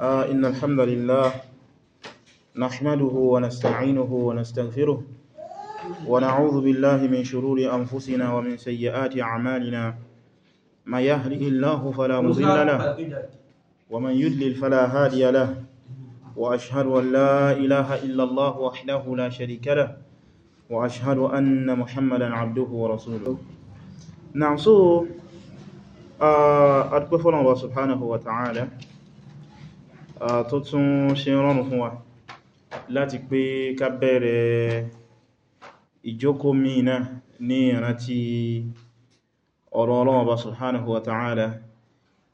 آه، إن الحمد لله نحمده ونستعينه ونستغفره ونعوذ بالله من شرور أنفسنا ومن سيئات أعمالنا ما يهدئ الله فلا مضل له ومن يدلل فلا هادي له وأشهد أن لا إله إلا الله وحده لا شريك له وأشهد أن محمدا عبده ورسوله نعم سوء أتكفر آه، الله سبحانه وتعالى tó tún ṣe rọrùn fún wa láti pé ká bẹ̀rẹ̀ ìjókòó mi náà ní ìrántí ọ̀rọ̀ Ọlọ́run Ọba subhanahu wa ta'ala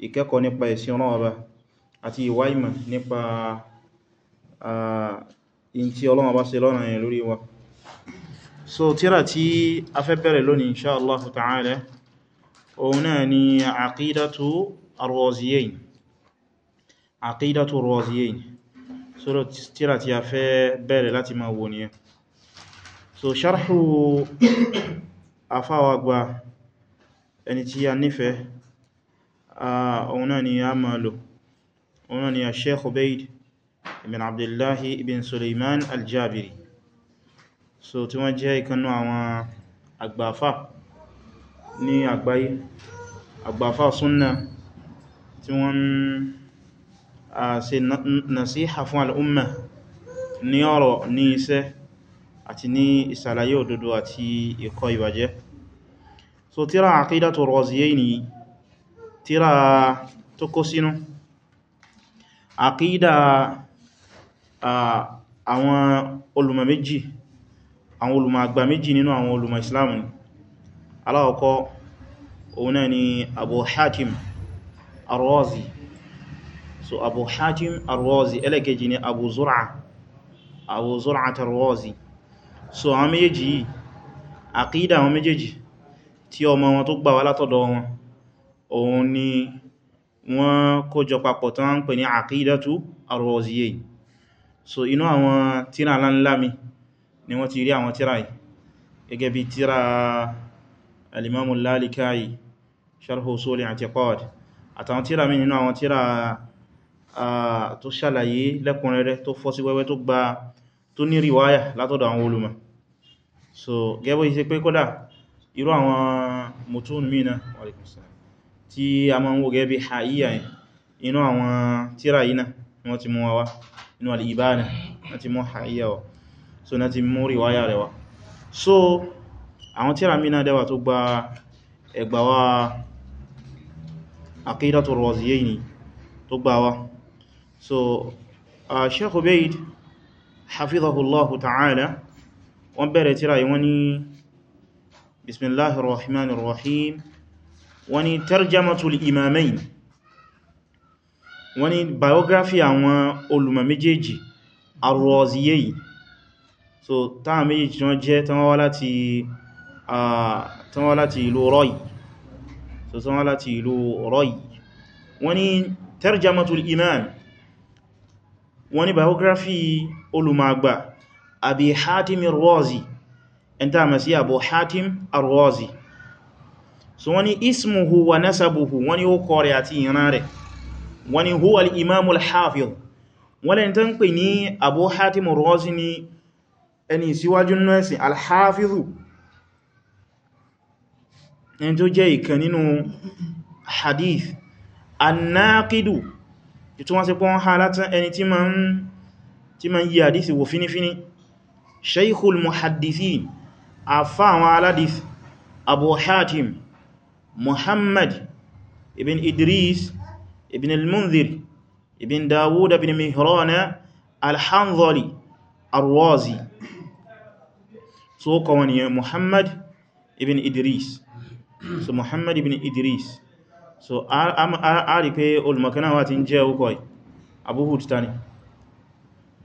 ìkẹ́kọ̀ọ́ nípa ẹ̀sìn Ọlọ́run Ọba àti ìwá ìmọ̀ nípa in tí Ọlọ́run Ọba ṣe lọ́nà yẹn lórí wa so tírà tí a fẹ́ bẹ̀rẹ̀ lónìí insha Allah òun náà ni aqidatu ar-Raziyayn Aqeedatul Raziyayn sọ́rọ̀ tíra tí a fẹ́ bẹ̀rẹ̀ láti máa wò ní ẹ so ṣarhu afáwàgbà ẹni tí a nífẹ́ ọ̀nà ni a máa lò ọ̀nà ni a Sheikh Ubayd ibn Abdullahi ibn Sulaiman al-Jabiri so tí wọ́n jẹ́ ìkanú àwọn àgbàfà ní àgbáyé àgbàfà súnnà tí wọ́n ṣe nasíhà fún al'umma ní ọ̀rọ̀ ní iṣẹ́ àti ní ìsàlàyé òdodo àti ìkọ̀ ìbàjẹ́ so tíra Aqidatu Raziyaini tíra tó kó sínú àkídà àwọn olùmọ̀ méjì àwọn olùmọ̀ àgbà méjì nínú àwọn olùmọ̀ Islam ni aláwọ̀kọ́ òun náà ni Abu Hatim ar so abu hajim arwazi ẹlẹ́kejì ni abu zura abu zura tarwazi so àwọn méjèèjì yìí àkídà àwọn méjèèjì tí ọmọ wọn tó gbà wá látọ̀dọ̀ wọn òun ni wọ́n kójọ papọ̀ tán ń pè ní àkídàtú arwazi yìí so inú àwọn tíra aláńlá mi ni wọ́n ti rí àwọn tíra yìí gẹ́gẹ́ bí tíra alimamu lalikayi sharhu usuli i'tiqad àtàwọn tíra mi nínú àwọn tíra Ah, tó ṣàlàyé lẹ́kùnrẹ́rẹ́ tó fọ́ sí wẹ́wẹ́ tó gba tó ní ríwáyà látọ̀dọ̀ àwọn olùmọ̀ so gẹ́bọ́ yìí ṣe pé kódà irú àwọn mutun mìíràn tí a máa ń wò gẹ́bí haíyà inú àwọn tíra yìí náà wọ́n ti mú wa inú alìbáná náà tó gba ẹgbàwà so a uh, Sheikh Ubayd hafizahullahu ta'ala wọ́n bẹ̀rẹ̀ tírà yìí wọ́n ní bismillahir rahmanir rahim wọ́n ní tarjamatul imamayn wọ́n ní biography àwọn olùmọ̀ méjèèjì ar so táwọn méjèèjì wọ́n jẹ́ tán uh, wá láti ìlú rọ́yì so tán wá láti ìlú rọ́yì wọ́n ní tarjamatul imam wọ́n ní biography olùmọ̀gbà abi hatim arwazi ẹn tàà mẹ́ sí abu hatim arwazi so wọ́n ní ismuhu wa nasabuhu wọ́n ní ó kọrẹ àti ìran rẹ̀ wọ́n ní huwa al-imam al-hafiz wọ́n lẹ́n pè ní abu hatim arwazi ni ẹni síwájú nọ́ẹ̀sìn al ẹni tó jẹ́ ìkan nínú hadith annaqidu ìtú wọ́n sí pọ́ wọ́n ha látán ẹni tí ma ń yí àdísì wò fínífíní shaykhul muhaddithin àfá àwọn aládìs abu hatim muhammad ibn idris ibn al-munzir ibn dawud ibn mihrana al arwazi al-razi so muhammad ibn idris so muhammad ibn idris so a rí pé olùmọ̀kanáwà ti ń jẹ́ ọkọ̀ Abu Hud tani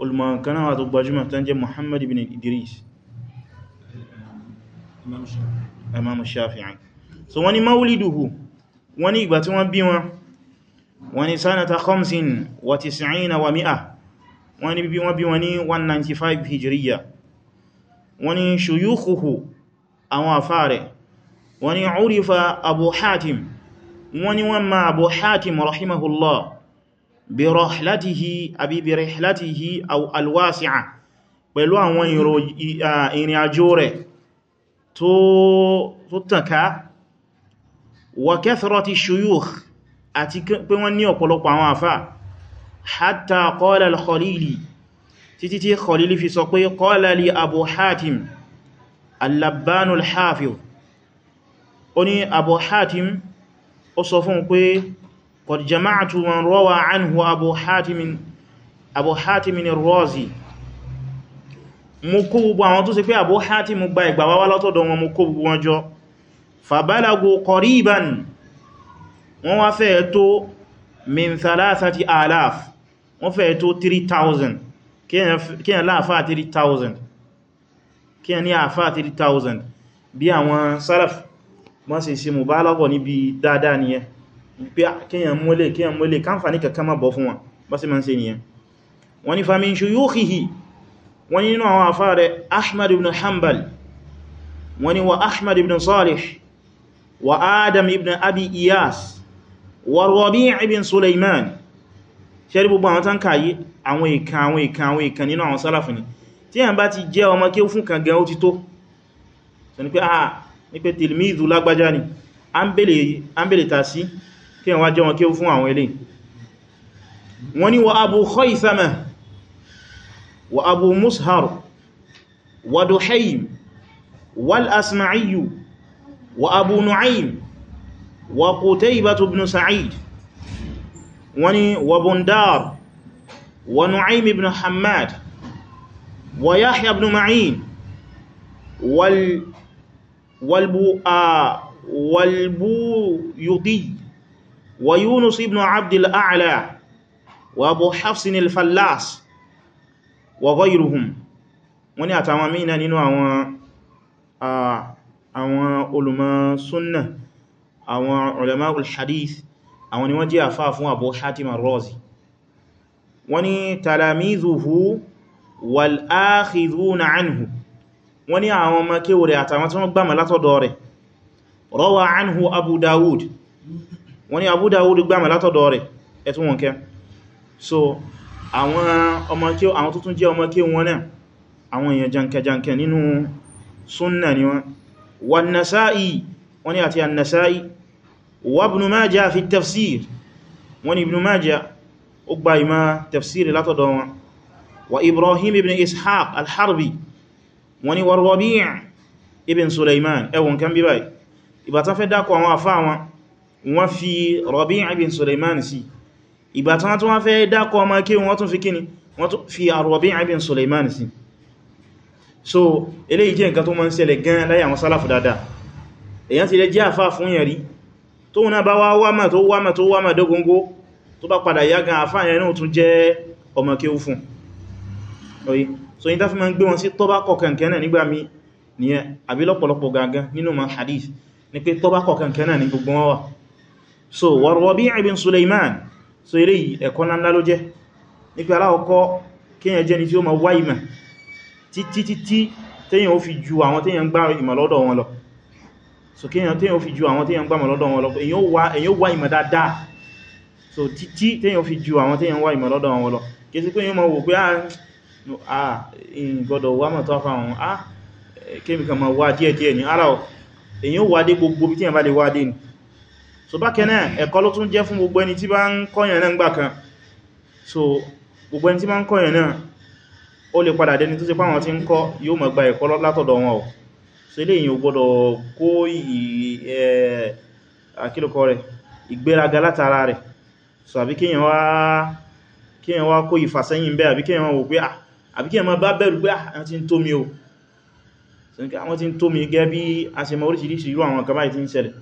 olùmọ̀kanáwà tó gbajúmọ̀ tán jẹ́ Muhammad ibn Idris Imam Shafi'i so wọ́n ni mauliduhu wọ́n ni ìgbà tí wọ́n bí wọn wọ́n ni sanata khamsin wa tis'ina wa mi'a wọ́n ni bí wọ́n bí wọn ní 195 hijriya wọ́n ni shuyukhuhu àwọn afárẹ̀ urifa Abu Hatim wọ́n ní wọ́n ma Abu Hatim rahimahullah bi rihlatihi àbí bi rihlatihi alwasi'a pẹ̀lú àwọn ìrìn àjò rẹ̀ tó tànká wa kathrati shuyukh àti pé wọ́n ní ọ̀pọ̀lọpọ̀ àwọn àfá hatta qala al-Khalili títí tí Khalili fi sọ pé qala ó sọ fún pé qad jama'tu man rawa anhu abu hatimin abu hatimin ar-razi mú kó gbogbo àwọn tó sì pé abu hatim gba ìgbà wá látọ̀dọ̀ wọn mú kó gbogbo wọn jọ fabalagu qariban wọ́n wá fẹ́ tó min thalathati alaf wọ́n fẹ́ tó 3000 kíyàn láàfá 3000 bí àwọn salaf má ṣe ṣe mú bá lọ́gọ̀ níbi dáadáa nìyẹn pé kíyàn múlé kíyàn múlé káǹfàní kankan má bọ́ fún wọn bá sí ma ń ṣe nìyẹn wọ́n ni famin shuyukhihi wọ́n nínú àwọn afá rẹ̀ ahmad ibn hanbal wọ́n ni wa ahmad ibn salih wa adam ibn abi iyas wa rabi' ibn sulaiman ṣẹ́rí gbogbo àwọn tán kàyí àwọn ìkan àwọn ìkan àwọn ìkan nínú àwọn sálàfin tí yàn bá ti jẹ́ ọmọ kí ó fún kan gan ó ti tó sọ ni pé ah ní pé tìlmíìzù lágbájá ni a ń bèèrè ta sí kí wọ́n wá jẹ́ wọn kí ó fún àwọn ilé wọ́n ni wa abu khaisama wa abu mushar wa duhaym wal asma'iyu wa abu nu'aym wa qutaybatu ibn sa'id wọ́n ni wa bundar wa nu'aym ibn hammad wa yahya ibn ma'in wal والبويضي ويونس بن عبد الأعلى وأبو حفص الفلاس وغيرهم wọ́n ní àtàwọn mìíràn nínú àwọn olùmọ̀ súnnà àwọn ulama al-hadith àwọn ni wọ́n jẹ́ àfáà fún Abu Hatim ar-Razi wọ́n ní talamizuhu wal-akhidhuna anhu wọ́n ní àwọn ọmọ kéwò rẹ̀ àtàwọn tí wọ́n gbàmà látọ̀dọ̀ rẹ̀ rọwà anhu abu dawud wọ́n ní abu dawud gbàmà látọ̀dọ̀ rẹ̀ ẹ̀tún wọn kẹ́ so àwọn ọmọ kéwò àwọn tuntun jẹ́ ọmọ kéwò wọn náà àwọn èèyàn jankẹjankẹ nínú súnnà ni wọn wà nasa'i wọ́n ní àti annasa'i wọ́n ibn ibn ishaq al-harbi wọ́n ni Rabi' ibn Sulaiman ẹwọ̀n kan bí báyìí ìbátan fẹ́ dákọ̀ àwọn àfá wọn wọ́n fi Rabi' ibn Sulaiman sí ìbátan tó wọ́n fẹ́ dákọ̀ ọmọ kí wọ́n tún fi kíni wọ́n tún fi Rabi' ibn Sulaiman sí so eléyìí jẹ́ nǹkan tó mọ́ ń ṣẹlẹ̀ gan láyé àwọn sálàfù dáadáa èyàn ti lè jẹ́ àfá fún yẹn rí tó wọ́n bá wá wámà tó wámà tó wámà so yí tafi ma ń gbé wọn sí tọ́bá kọkànkẹ́nà nígbà mi ní ẹ àbí lọ́pọ̀lọpọ̀ gangan nínú ma hadith ní pé tọ́bá kọkànkẹ́nà ní gbogbo wọn wà so Rabi' ibn Sulaiman so eré ẹ̀kọ́ ńlá ló jẹ́ ní pé aláwọ̀kọ́ kíyàn jẹ́ ni tí ó ma wá ìmọ̀ títí títí tẹ́yàn ó fi ju àwọn tẹ́yàn gbá so kíyàn tẹ́yàn ó fi ju àwọn tẹ́yàn gbá ìmọ̀ lọ́dọ̀ wọn lọ èyàn ó wá so títí tẹ́yàn ó fi ju àwọn tẹ́yàn wá ìmọ̀ lọ́dọ̀ wọn lọ kìí ah gbọ́dọ̀ wá mọ̀ tó fáwọn ah kéèmìkan ma wá díẹ̀díẹ̀ ní ara ọ̀ èyàn wádé gbogbo bí tí yàn bá lè wádé ni so bákan e ẹ̀kọ́ ló tún jẹ́ fún gbogbo ẹni tí bá ń kọ́yàn náà gbà kan so gbogbo ẹni tí bá ń kọ́yàn náà ó lè padà dẹni tó ti pàwọn tí ń kọ́ yóò mọ̀ gba ẹ̀kọ́ látọ̀dọ̀ wọn ọ̀ so ilé èyàn gbọ́dọ̀ kó àkílùkọ rẹ̀ ìgbéraga látara rẹ̀ so àbí kíyàn wá kó ìfàsẹ́yìn bẹ́ẹ̀ àbí kíyàn wá wò pé ah àbí kí ẹ ma bá bẹ̀rù pé àwọn ah, tí ń tó mi o àwọn tí ń tó mi gẹ́ bí a ṣe ma oríṣiríṣi irú àwọn kaba ìtí ń ṣẹlẹ̀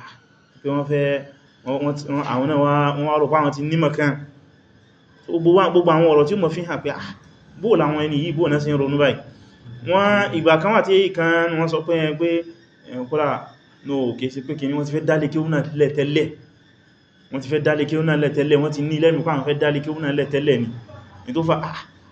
ah, pé wọ́n fẹ́ àwọn náà wọ́n rò pàwọn ti nímọ̀ àwọn ti fẹ́ dálé ah, wọ́n ti fẹ́ dálé kí ó náà lẹ́tẹ́lẹ̀ wọ́n ti ní lẹ́mìí pàwọn fẹ́ dálé kí ó náà lẹ́tẹ́lẹ̀ ni tó fa ah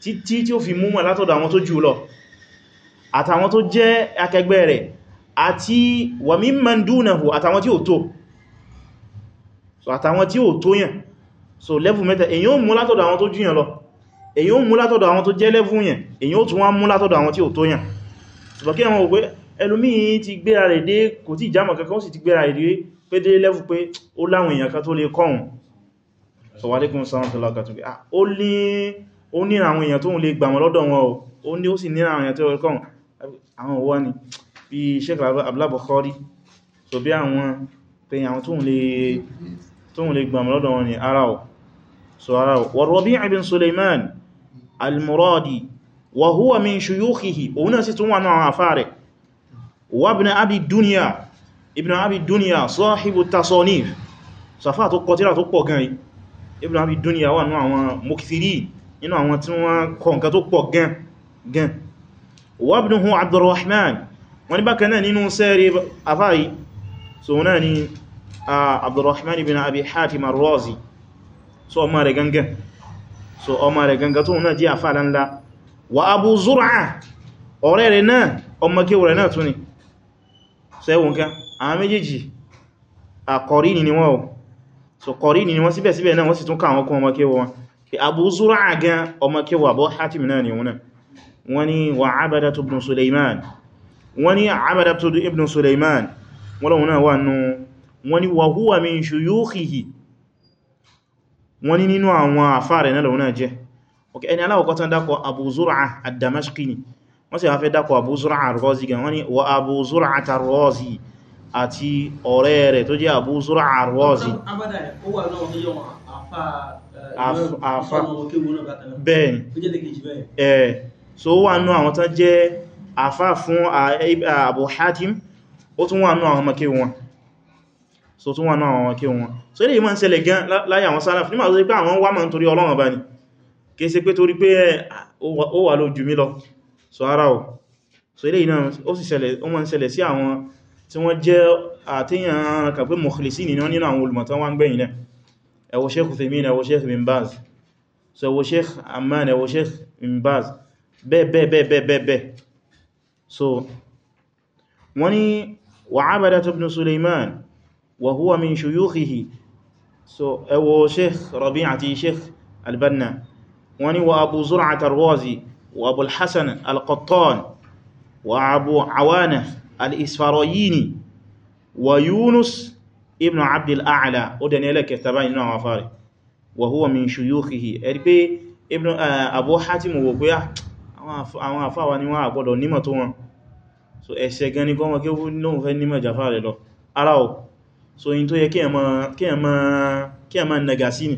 títí tí ó fi mú mọ̀ látọ̀dọ̀ àwọn tó jù lọ àtàwọn tó jẹ́ akẹgbẹ́ rẹ̀ àti wa mimman dunahu àtàwọn tí ó tó so àtàwọn tí ó tó yàn so level mẹ́ta èyàn ó mú látọ̀dọ̀ àwọn tó jù yàn lọ èyàn ó mú látọ̀dọ̀ àwọn tó jẹ́ so kí ẹwọn òpé ẹlòmíì ti gbéra rẹ̀ dé kò tí ìjámọ̀ kankan ó sì ti gbéra rẹ̀ dé so wa alaikum salaam ah ó ní ó ní àwọn èèyàn tó ń lè gbà wọn lọ́dọ̀ wọn ó ní ó sì ní àwọn èèyàn tó rẹ̀kọ́ àwọn òwò ni bí Sheikh abúlábọ̀kọ́rí so bí àwọn pẹ̀yìn àwọn tó ń lè gbà wọn lọ́dọ̀ wọn ni ara ọ̀ so ara ọ̀ wa Rabi' ibn Sulaiman al-Muradi wa huwa min shuyukhihi òun náà nínú àwọn tí wọ́n kọ nǹkan tó pọ̀ gan gan wabnuhu abdurrahman wọ́n ní bákan náà nínú sẹ́rí afáyí so náà ni abdurrahman ibn abi hatim ar-razi so ọmọ rẹ̀ gangan so ọmọ rẹ̀ gangan tó náà jẹ́ afáàlá ńlá wa abu zur'a ọ̀rẹ́ rẹ̀ náà ọmọ kéwù rẹ̀ náà tún ni sẹ́wọ̀n kan àwọn méjèèjì àkọrí ni abu zura gan ọmọ kewa abu hatim náà ni wọ́n wani wa abadatu ibn suleiman wani abadatu ibn suleiman wọ́n lọ́wọ́n náà wà nù wani wa huwa min shuyukhihi wani nínú àwọn afárẹ̀ náà lọ́wọ́n náà jẹ́ ok ẹni aláwọ̀kọ́ tán dákọ̀ abu zura ad-damashqi ni wọ́n sì wáfẹ́ dákọ̀ abu zura ar-razi gan wani wa abu zura ar-razi àti ọ̀rẹ́ rẹ̀ tó jẹ́ abu zura ar-razi àfà uh, bẹ́ẹ̀ ẹ̀ so wà nú àwọn tán jẹ́ àfà fún uh, Abu Hatim ó tún wà nú àwọn ọmọké wọn so tún wà nú àwọn ọmọké wọn so ilé ìmọ̀ ń ṣẹlẹ̀ gan láyé àwọn sálàf nígbà tó pé àwọn wà mọ́ nítorí Ọlọ́run bá ní kìí ṣe pé torí pé ó wà lójú mi lọ so ara o so ilé ìná ó sì ṣẹlẹ̀ ó mọ́ ń ṣẹlẹ̀ sí àwọn tí wọ́n jẹ́ àtíyàn kan pé mọ̀kìlìsí nínú àwọn olùmọ̀tán wá ń gbẹ̀yìn náà ẹwọ sheikh Uthaymeen ẹwọ sheikh bin Baz so ẹwọ sheikh amán ẹwọ sheikh bin Baz bẹ́ẹ̀bẹ́ẹ̀bẹ́ẹ̀bẹ́ẹ̀ so wọ́n ni wa Abadah ibn Sulaiman wa huwa min shuyukhihi so ẹwọ sheikh Rabi' àti sheikh albanna banna wọ́n ni wa Abu Zur'ah ar wa Abu al-Hasan wa Abu Awana al-Isfarayini wa Yunus ibn abdul a'la ó dẹni ẹlẹ́kẹta báyìí náà wáfà rẹ̀ wa huwa min shuyukhihi ẹ̀rí pé ibn abu hatim wò pé ah, àwọn àfáwà ni wọ́n àgbọ́dọ̀ nímọ̀ tó wọn so ẹ̀ṣẹ̀ gan ni gọ́mọ̀ kí ó náà fẹ́ nímọ̀ jàfà rẹ̀ lọ ara ọ̀ so in tó yẹ kí ẹ ma nàgà sí ni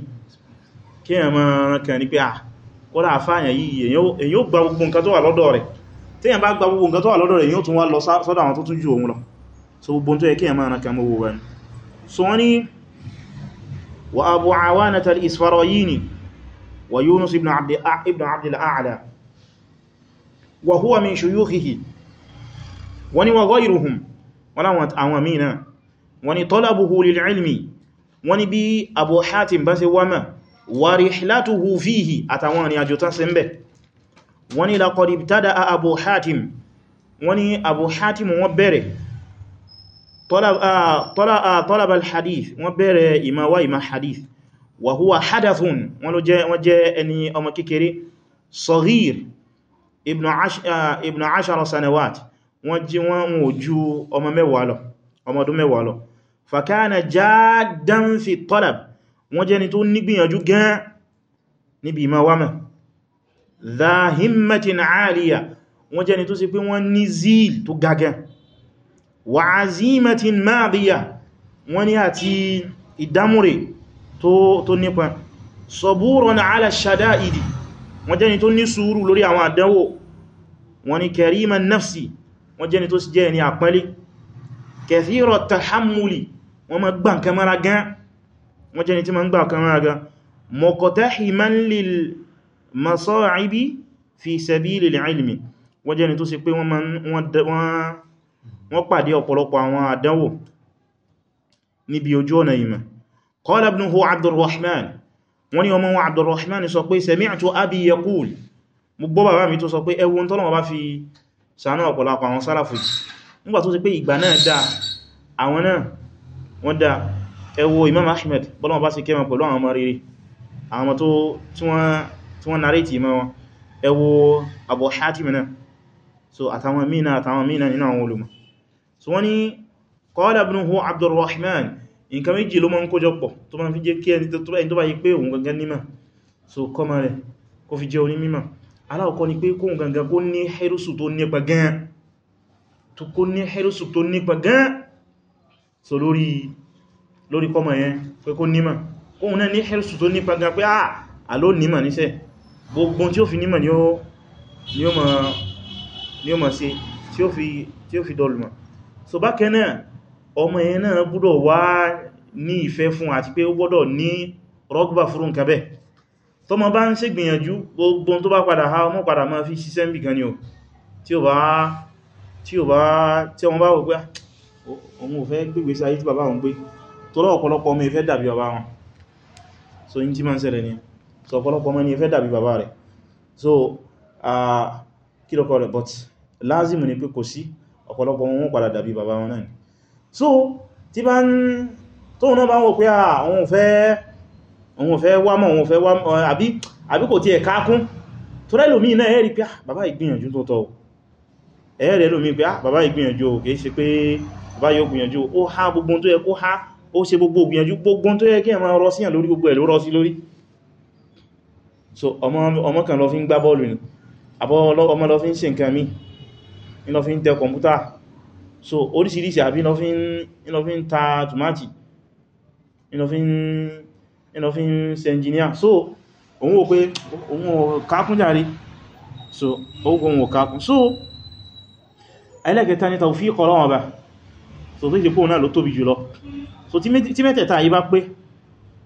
kí ẹ ma kàn ní pé à kọ́lá àfáàyàn yìí èyí ó gba gbogbo nǹkan tó wà lọ́dọ̀ rẹ̀ tí èyàn bá gba gbogbo nǹkan tó wà lọ́dọ̀ rẹ̀ èyí ó tún wá lọ sọ́dọ̀ àwọn tó tún ju òun lọ so gbogbo tó yẹ kí ẹ ma nàkà mọ́ wọ́n so wọ́n ni wa abu awana al-isfarayini wa yunus ibn abd ibn abd al-a'la wa huwa min shuyukhihi wani wa ghayruhum wala wa awamina wani talabuhu lil ilmi wani bi abu hatim basi wama wa rihlatuhu fihi atawani ajuta sembe wani laqad ibtada abu hatim wani abu hatim wa bẹ̀rẹ̀ tọ́lábà hadith wọ́n bẹ̀rẹ̀ ìmọ̀wá ìmọ̀ hadith wà húwà hadathun wọ́n jẹ́ ẹni ọmọ kékeré sọ̀hír ibn ashara sanawat wọ́n jí wọ́n ò ju ọmọ mẹ́wàá lọ ọmọdún mẹ́wàá lọ fàkánà jádán fi tọ́láb wọ́n jẹ́ ni tó nígbìyànjú gan níbi ìmọ̀wámẹ́ dhahimmatin aliya wọ́n jẹ́ ni tó sì pé wọ́n ní zíl wa azimatin maadiya wọ́n ní àti ìdámúrè tó nípa saburun ala shada'idi wọ́n jẹ́ni tó ní sùúrù lórí àwọn àdánwò wọ́n ní kariman nafsi wọ́n jẹ́ni tó sì jẹ́ ẹni àpẹ́lé kathira tahammuli wọ́n ma gbà kamara gan wọ́n jẹ́ni tí ma gbà kamara gan muqtahiman lil masa'ibi fi sabilil ilmi wọ́n jẹ́ni tó sì pé wọ́n wọ́n pàdé ọ̀pọ̀lọpọ̀ àwọn àdánwò níbi ojú ọ̀nà ìmọ̀ qala ibnuhu abdurrahman wọ́n ní ọmọ wọn abdurrahman sọ pé sami'tu abi yaqul mo gbọ́ bàbá mi tó sọ pé ẹwọ́n tọ́lọ̀ bá fi sànú ọ̀pọ̀lọpọ̀ àwọn sálàfù nígbà tó ṣe pé ìgbà náà dá àwọn náà wọ́n dá ẹwọ imam ahmed bọ́lọ̀ bá sì kẹ́mọ̀ pẹ̀lú so àtàwọn mìíràn àtàwọn mìíràn so wọ́n ní qala ibnuhu abdurrahman nǹkan méjì ló máa ń kójọ pọ̀ tó máa fi jẹ́ kí ẹni tó bá yí pé òun gangan nímọ̀ so kọmọ rẹ̀ kó fi jẹ́ oní mímọ̀ aláwọ̀kọ́ ni pé kóhun gangan kó ní hẹ́rùsù tó nípa gan tó kó ní hẹ́rùsù tó nípa gan so lórí lórí kọmọ yẹn pé kó nímọ̀ kóhun náà ní hẹ́rùsù tó nípa gan pé ah, à ló nímọ̀ níṣẹ́ gbogbo tí ó fi nímọ̀ ni ó ma ṣe tí ó fi dọlùmọ̀ so bákan náà ọmọ yẹn náà gbọ́dọ̀ wá ní ìfẹ́ fún àti pé ó gbọ́dọ̀ ní rọ́gbà fún nǹkan bẹ́ẹ̀ tọmọ bá ń ṣe gbìyànjú gbogbo tó bá padà ha ọmọ padà máa fi ṣiṣẹ́ níbì kan ni o tí ó bá tí ó bá tí ọmọ bá wò pé ah, òun ò fẹ́ gbígbé sí ayé tí bàbá wọn gbé tọ́lọ́ ọ̀pọ̀lọpọ̀ ọmọ ìfẹ́ dàbí bàbá wọn so yí tí máa ń ṣẹlẹ̀ ni so ọ̀pọ̀lọpọ̀ ọmọ ìfẹ́ dàbí bàbá rẹ̀ so ah, kí lọ́kọ̀ rẹ̀ but lázìmù ni pé kò sí ọ̀pọ̀lọpọ̀ wọn padà dàbí bàbá wọn náà so tí bá ń tóun náà bá wọ́n pé àwọn òfẹ́ wá mọ̀ òun fẹ́ wá mọ̀ àbí kò tí ẹ̀ kákún tó rẹ́ lómi náà ẹ̀rí pé ah, bàbá ìgbìyànjú tó tọ́ ẹ̀rẹ́ lómi pé ah, bàbá ìgbìyànjú kìí ṣe pé bàbá yóò gbìyànjú ó há gbogbo tó yẹ kó há ó ṣe gbogbo gbìyànjú gbogbo tó yẹ kí ẹ máa rọ síyàn ọmọ kan lọ fi ń gbá bọ́ọ̀lù ni àbọ́ ọmọ lọ fi ń ṣe nǹkan míì iná fi ń tẹ kọmpútà so oríṣìíríṣìí àbí iná fi ń ta tòmátì iná fi ń ṣe ẹnjìníà so òun wò pé òun ò kákún jàrí so ogun ò kákún so ẹlẹ́gẹta ni tawfiq Ọlọ́run Ọba so tó ìdíkò náà ló tóbi jùlọ so tí mẹ́tẹ̀ẹ̀ta yìí bá pé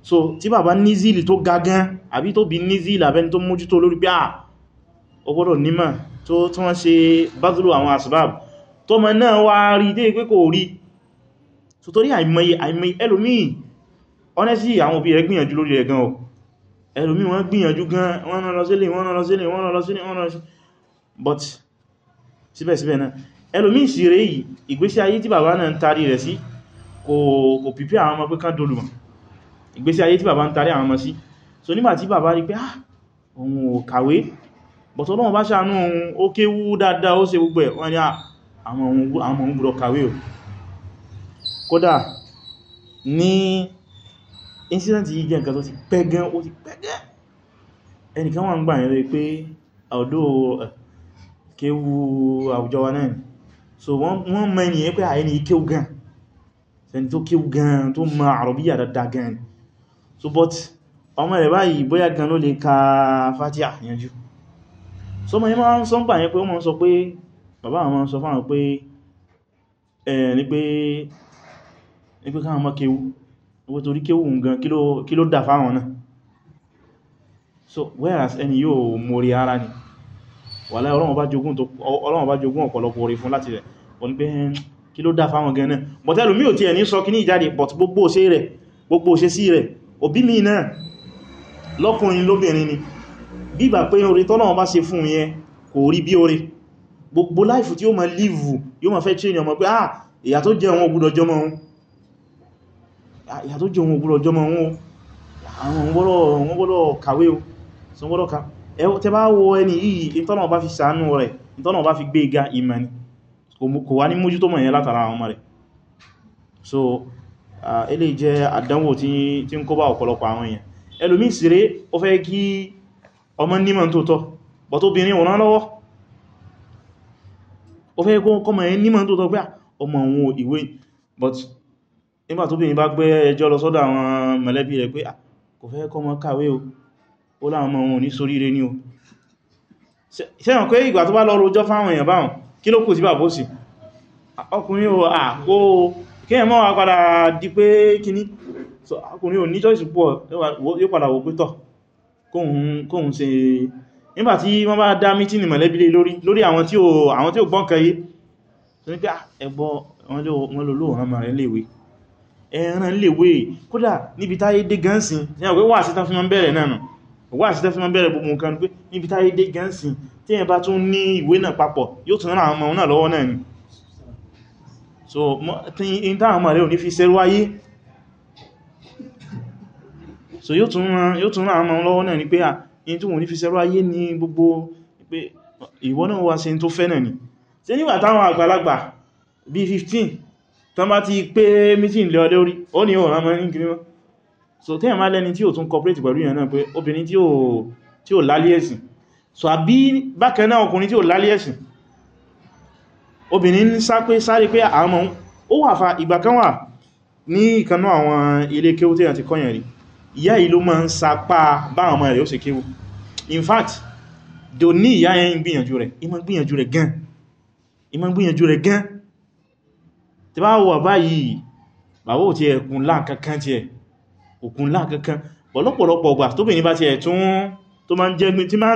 so tí bàbá ní tó gagán àbí tó bí ní àbẹ́ni tó mójútó lórí pé à ah, ó nímọ̀ tó tí wọ́n ṣe bádùrù àwọn asbab tó mọ̀ náà wá rí dé pé kò rí so torí àìmọye àìmọye ẹlòmíì honestly àwọn òbí rẹ̀ gbìyànjú lórí rẹ̀ gan o ẹlòmíì wọ́n gbìyànjú gan wọ́n lọ sílé wọ́n but síbẹ̀síbẹ̀ náà ẹlòmíì sì rẹ̀ yìí ìgbésí ayé tí bàbá náà ń tarí rẹ̀ sí kò kò pípẹ́ àwọn ọmọ pé kán dolùmọ̀ ìgbésí ayé tí bàbá ń tarí àwọn ọmọ sí but Ọlọ́run bá ṣàánú ohun ó kéwú dáadáa ó ṣe gbogbo ẹ̀ wọ́n ni ah, àwọn ohun gbọ́dọ̀ kàwé o kódà ní incident yìí jẹ́ nǹkan tó ti pẹ́ ó ti pẹ́ ẹnìkan wọ́n ń gbà yẹn lórí pé àwọ̀dó eh, kéwú àwùjọ wa náà so wọ́n mẹ́ni ẹ pé àyẹni ah, kéwú gan so but ọmọ rẹ̀ báyìí bóyá gan ló lè so ma ní máa ń sọ ń gbà yẹn pé ó ma ń sọ pé bàbá àwọn ma ń sọ fáwọn pé ẹ̀ ní pé ní pé káwọn mọ́ kéwú owó torí kéwú nǹkan kí ló dà fáwọn náà so whereas ẹni yóò mórí ara ni wà láì Ọlọ́run bá jogún ọ̀pọ̀lọpọ̀ orí fún láti rẹ̀ wọ́n pé kí ló dà fáwọn gan náà but ẹlòmí ò tiẹ̀ ní sọ kí ní ìjáde but gbogbo ṣe rẹ̀ gbogbo ṣe sí rẹ̀ òbí mi náà lọ́kùnrin lóbìnrin ni bíbà pé orí tọ́nà ọba ṣe fún yẹn kò rí bí orí gbogbo láìfù tí ó ma líìvù yóò ma fẹ́ tíyàn ọmọ pé ah ìyà tó jẹ wọn ogúnlọ jọmọ wọn ah, ìyà tó jẹ wọn ogúnlọ jọmọ wọn àwọn gbọ́dọ̀ kàwé o sọ gbọ́dọ̀ ká tẹ bá wo ẹni yìí ìtọ́nà ọba fi sàánú rẹ̀ ìtọ́nà ọba fi gbé ga ìmẹ́ni kò wá ní mójú tó mọ̀ yẹn látara àwọn ọmọ rẹ̀ so ah, eléyìí jẹ́ àdánwò tí ń kó bá ọ̀pọ̀lọpọ̀ àwọn èèyàn ẹlòmí ìsìré ó fẹ́ kí ọmọ nímọ̀ tó bọ̀ tó bìnrin wọ̀n lọ́wọ́ o fẹ́ kọ́ ọmọ ẹ̀ nímọ̀ tó tọ́ pé ọmọ òun ìwé but nígbà tó bìnrin bá gbé ẹjọ́ lọ sọ́dọ̀ àwọn mọ̀lẹ́bí rẹ̀ pé kò fẹ́ kọ́ kàwé o ó ọmọ òun ní soríire kóhun ṣe nígbàtí wọ́n bá dá mítínì mọ̀lẹ́bílé lórí lórí àwọn tí ó àwọn tí ó gbọ́n kẹyí tó ní pé ah, ẹgbọ́ wọn lò lóò hàn màrẹ léwe ẹran léwe kódà níbi táyé dé gánsìn tí wọ́n wà sí tán fi mọ́ bẹ̀rẹ̀ náà wà sí tán fi mọ́ ní ìwé náà papọ̀ yóò tún rán àwọn ọmọ náà lọ́wọ́ náà ni so tí in táwọn so yóò tún rán àmà lọ́wọ́ náà ni pé à in tí wọ́n ní fi sẹ́rọ ayé ní gbogbo pé ìwọ náà wá ṣe tó fẹ́ ni ṣe nígbà táwọn àgbàlagbà bí 15 tán bá ti pé meeting lọ lórí ó ní ọ̀rọ̀ àmà ní gírímọ́ so tí ẹ̀mà lẹ́ni tí ò tún cooperate pẹ̀lú ìyàn náà pé obìnrin so àbí bákan náà ọkùnrin tí ò lálé ẹ̀sìn obìnrin ń sá pé sáré pé àmọ́ ó wà fa ìgbà kan wà àwọn ilé kéwú tí a ìyá yìí ló máa ń sapá báwọn ọmọ rẹ̀ ó ṣe kéwú in fact do ní ìyá yẹn ń gbìyànjú rẹ̀ ìmọ̀ gbìyànjú rẹ̀ gan ìmọ̀ gbìyànjú rẹ̀ gan tí bá wà báyìí bàbá ò ti ẹ̀kùn láàkankan ti ẹ̀ òkun láàkankan pọ̀lọ́pọ̀lọpọ̀ ọgbà tóbìnrin bá ti ẹ̀ tún tó máa ń jẹ́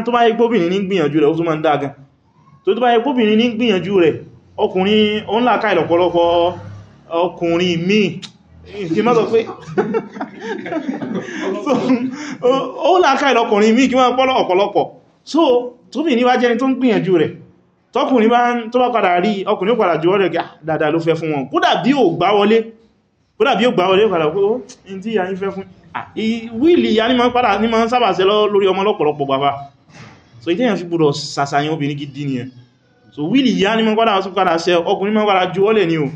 tó bá yẹ gbóbìnrin ní gbìyànjú rẹ̀ ó tún máa ń dágan tó tó bá yẹ gbóbìnrin ní gbìyànjú rẹ̀ ọkùnrin ó ń làákàìlọ̀pọ̀lọpọ̀ ọkùnrin míì ìkí má sọ pé ó láàká ìlọ́kùnrin mí kí wọ́n pọ́lọ̀ ọ̀pọ̀lọpọ̀ so tóbi ní wá jẹ́ni tó ń gbìyànjú rẹ̀ tọkùnrin bá tó bá padà rí ọkùnrin padà jù ọ́rẹ̀ ah, dáadáa ló fẹ́ fún wọn kódà bí ò gbá wọlé kódà bí ò gbá wọlé padà pé ó oh, in tí ya ń fẹ́ fún ah, wíìlì ya ní ma ń sábà ṣe lórí ọmọ lọ́pọ̀lọpọ̀ bàbá so ìtẹ́yàn fi gbọ́dọ̀ sàṣàyàn obìnrin gidi nìyẹn so wíìlì ya ní ma ń padà ṣe ọkùnrin ma ń padà jù ọ́lẹ̀ ni o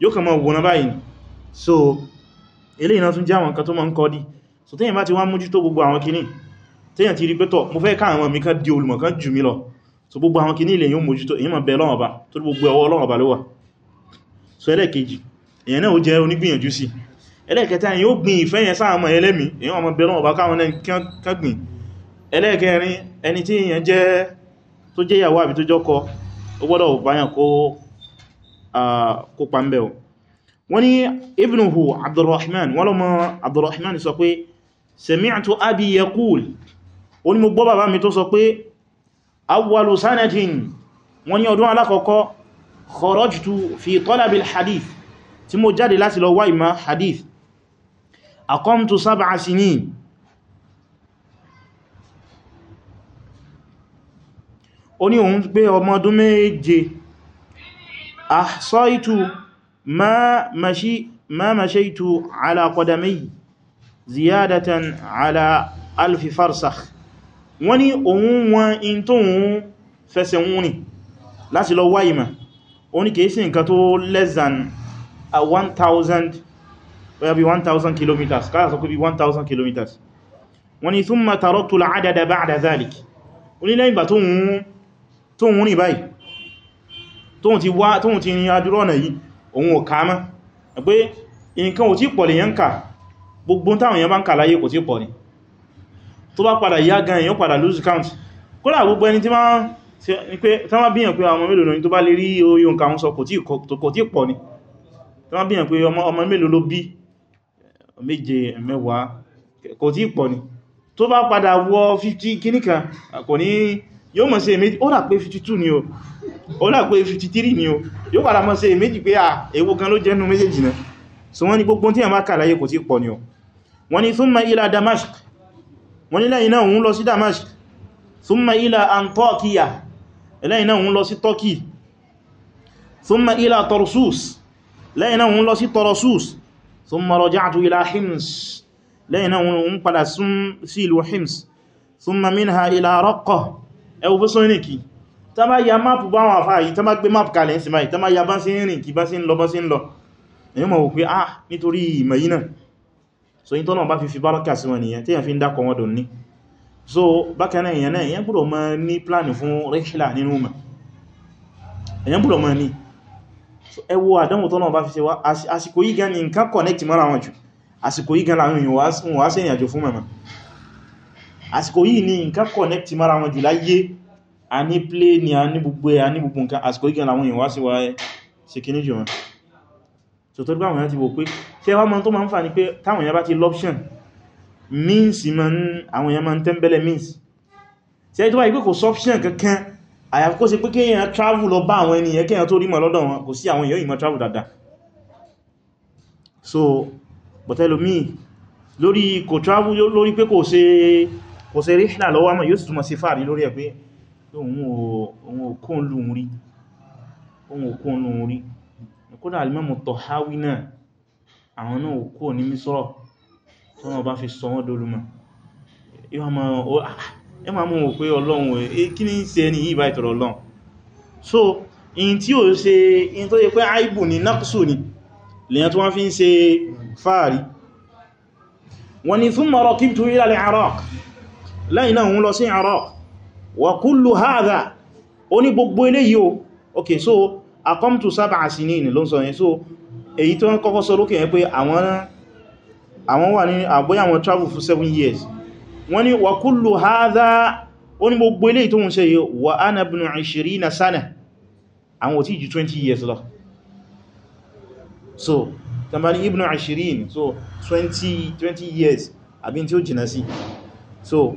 yóò kàn mọ̀ wọ̀nà báyìí so eléyìí náà tún jẹ́ àwọn nǹkan tó máa ń kọ́ so téèyàn bá ti wá mójútó gbogbo àwọn kinní téèyàn ti rí pé tọ́ mo fẹ́ ká àwọn mi kan di olùmọ̀ kan jù mí lọ so gbogbo àwọn kinní ilẹ̀ yóò mójútó èyí máa bẹ lọ́wọ́ bá tó gbogbo ọwọ́ lọ́wọ́ bá ló wà so ẹlẹ́ẹ̀kejì èyàn náà ó jẹ́ onígbìyànjú sí ẹlẹ́ẹ̀kẹta èyàn ó gbìn ìfẹ́ yẹn sáàmọ̀ ẹlẹ́mì èyàn ọmọ bẹ lọ́wọ́ bá káwọn kan gbìn ẹlẹ́ẹ̀kẹrin ẹni je èyàn jẹ́ tó jẹ́ ìyàwó àbí tó jọ́kọ ó gbọ́dọ̀ báyàn kó kópa ń bẹ̀ o wọ́n ní ibnuhu abdurrahman wọ́n lọ́mọ abdurrahman sọ pé sami'tu abi yaqul ó ní mo gbọ́ bàbá mi tó sọ pé awwalu sanatin wọ́n ní ọdún alákọ̀ọ́kọ́ kharajtu fi talabil hadith tí mo jáde láti lọ wá ìmá hadith aqamtu sab'a sinin ó ní òun gbé ọmọ ọdún méje ahsaitu ما مشيت على قدمي زيادة على alfi farsakh wọ́n ní òun wọn in tó ń fẹsẹ̀ wọn ni láti lọ wá ìmọ̀ o ní kìí sí nǹkan less than 1000 bóyá bí 1000 kilometers káà sọ kó bí 1000 kilometers wọ́n ní thumma taraktu al-adada ba'da dhalik o ní lẹ́yìn ìgbà tó ń rìn báyìí tó ń ti rìn adúrọ́nà yìí òun ò ká mọ́ pé nǹkan ò tí pọ̀ lè yán kà gbogbo táwọn èèyàn bá ń kà láyé kò tí pọ̀ tó bá padà yá gan èèyàn padà lose count kódà gbogbo ẹni tí wọ́n bíyàn pé ọmọ mélòó ni tó bá lè rí oyo nǹkan àwọn sọ kò tí pọ̀ ni tí wọ́n bíyàn pé ọmọ mélòó ló bí méje mẹ́wàá kò tí pọ̀ tó bá padà wọ 50 kíníkan kò ní yóò mọ̀ sí èméjì ó rà pé 52 ni o ó rà pé 53 ni o yóò padà mọ̀ sí èméjì pé à èwo kan ló jẹ́ nú méjèèjì náà so wọ́n ní gbogbo tí a máa kà láyé kò tí pọ̀ ni o wọ́n ní thumma ila Damashq wọ́n ní lẹ́yìn náà òun lọ sí Damashq thumma ila Antakiya lẹ́yìn náà òun lọ sí Turkey thumma ila Tarsus ẹwọ fún sọ́rìnkì tá bá ya máàpù bá wọn àfáà yìí tá bá gbé máàpù kalẹ̀ sí máa tá bá ya bá sí rìnkì bá sí ń lọ bá sí ń lọ èyí mọ̀ wò ah nítorí ìmọ̀ yìí náà so yí tọ́nà bá fi fi bárọ́kà sí wọn nìyẹn tí so bákan náà èyàn náà èyàn gbọ́dọ̀ mọ̀ ní pláàni fún rẹ́ṣílà nínú mọ̀ èyàn gbọ́dọ̀ wo àdánwò tọ́nà bá fi ṣe wá àsìkò yìí gan ni nǹkan connect mọ́ra wọn jù àsìkò àsìkò yìí ni nǹkan connect mara wọn jù láyé a ní play ni a ní gbogbo ẹ̀ a ní gbogbo nǹkan àsìkò yìí gan láwọn èèyàn wá sí wa ṣe kí ní jù wọn so tó gbáwọn èèyàn ti wò pé ṣe wá mọ́ tó máa ń fà ní pé táwọn èèyàn bá ti travel lọ bá àwọn ènìyàn kéèyàn tó rí mọ̀ lọ́dọ̀ wọn kò sí àwọn èèyàn ìmọ̀ travel lórí kò travel lórí pé kò ṣe kò sí ríhìlà lọ́wọ́ mọ̀ yóò sì túnmọ̀ sí fàárí lórí ẹ̀ pé ohun òkún lóhun rí ohun òkún lóhun rí kódà alìmọ́mù tọ̀háwí náà àwọn náà òkú ní mísọ́rọ̀ tó wọ́n bá fi sọ wọ́n dolúmọ̀ ẹ ma mú ah, pé ọlọ́run kí ní ṣe ní yìí bá ìtọ̀rọ̀ ọlọ́run so in tí ó ṣe in tó yẹ pé aibu ni naqsu ni lèyàn tó wọ́n fi ń ṣe fàárí thumma raqibtu ila al-Iraq lẹ́yìn náà ń lọ sí Iraq wa kullu hadha ó ní gbogbo eléyìí o ok so aqamtu sab'a sinin ló ń sọ yẹn so èyí tó ń kọ́kọ́ sọ lókè yẹn pé àwọn wà ní àgbóyà wọn travel for seven years wọ́n ní wa kullu hadha ó ní gbogbo eléyìí tó ń ṣe yìí wa ana ibnu 20 sana àwọn ò tí 20 years lọ so tambani ibnu ashirin so 20 20 years abin tí ó jìnà sí so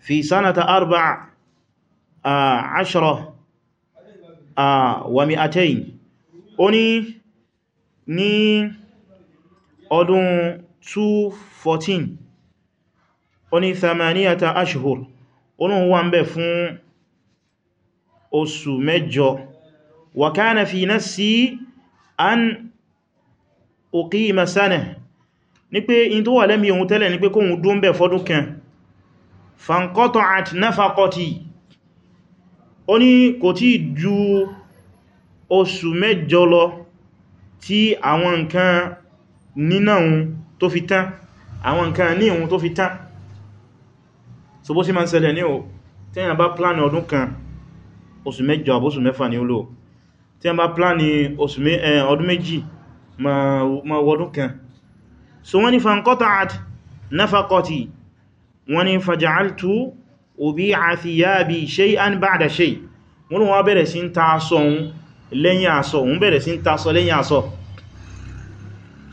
في سنة أربع عشرة ومئتين ó ní ní ọdún 214 ó ní thamaniyata ashhur olóhun wà ń bẹ fún oṣù mẹ́jọ wa kana fi nafsi an uqima sana ní pé in tó wà lẹ́mí ohun tẹ́lẹ̀ ní pé kóhun dún bẹ̀ fọ́dún kan fankota'at nafaqati ó ní kò tí ju oṣù mẹ́jọ lọ tí àwọn nǹkan nínáhun tó fi tán àwọn nǹkan níhun tó fi tán so bó sí ma ń ṣẹlẹ̀ ní o tí èyàn bá pláni ọdún kan oṣù mẹ́jọ àbóṣù mẹ́fà ní olóò tí èyàn bá pláni eh, ọdún méjì ma wọdún kan so wọ́n ní fankota'at nafaqati wọ́n ní faja'altu ubi'a thiyabi shay'an ba'da shay wọ́n wọ́n bẹ̀rẹ̀ sí ń ta aṣọ òun lẹ́yìn aṣọ òun bẹ̀rẹ̀ sí ń ta aṣọ lẹ́yìn aṣọ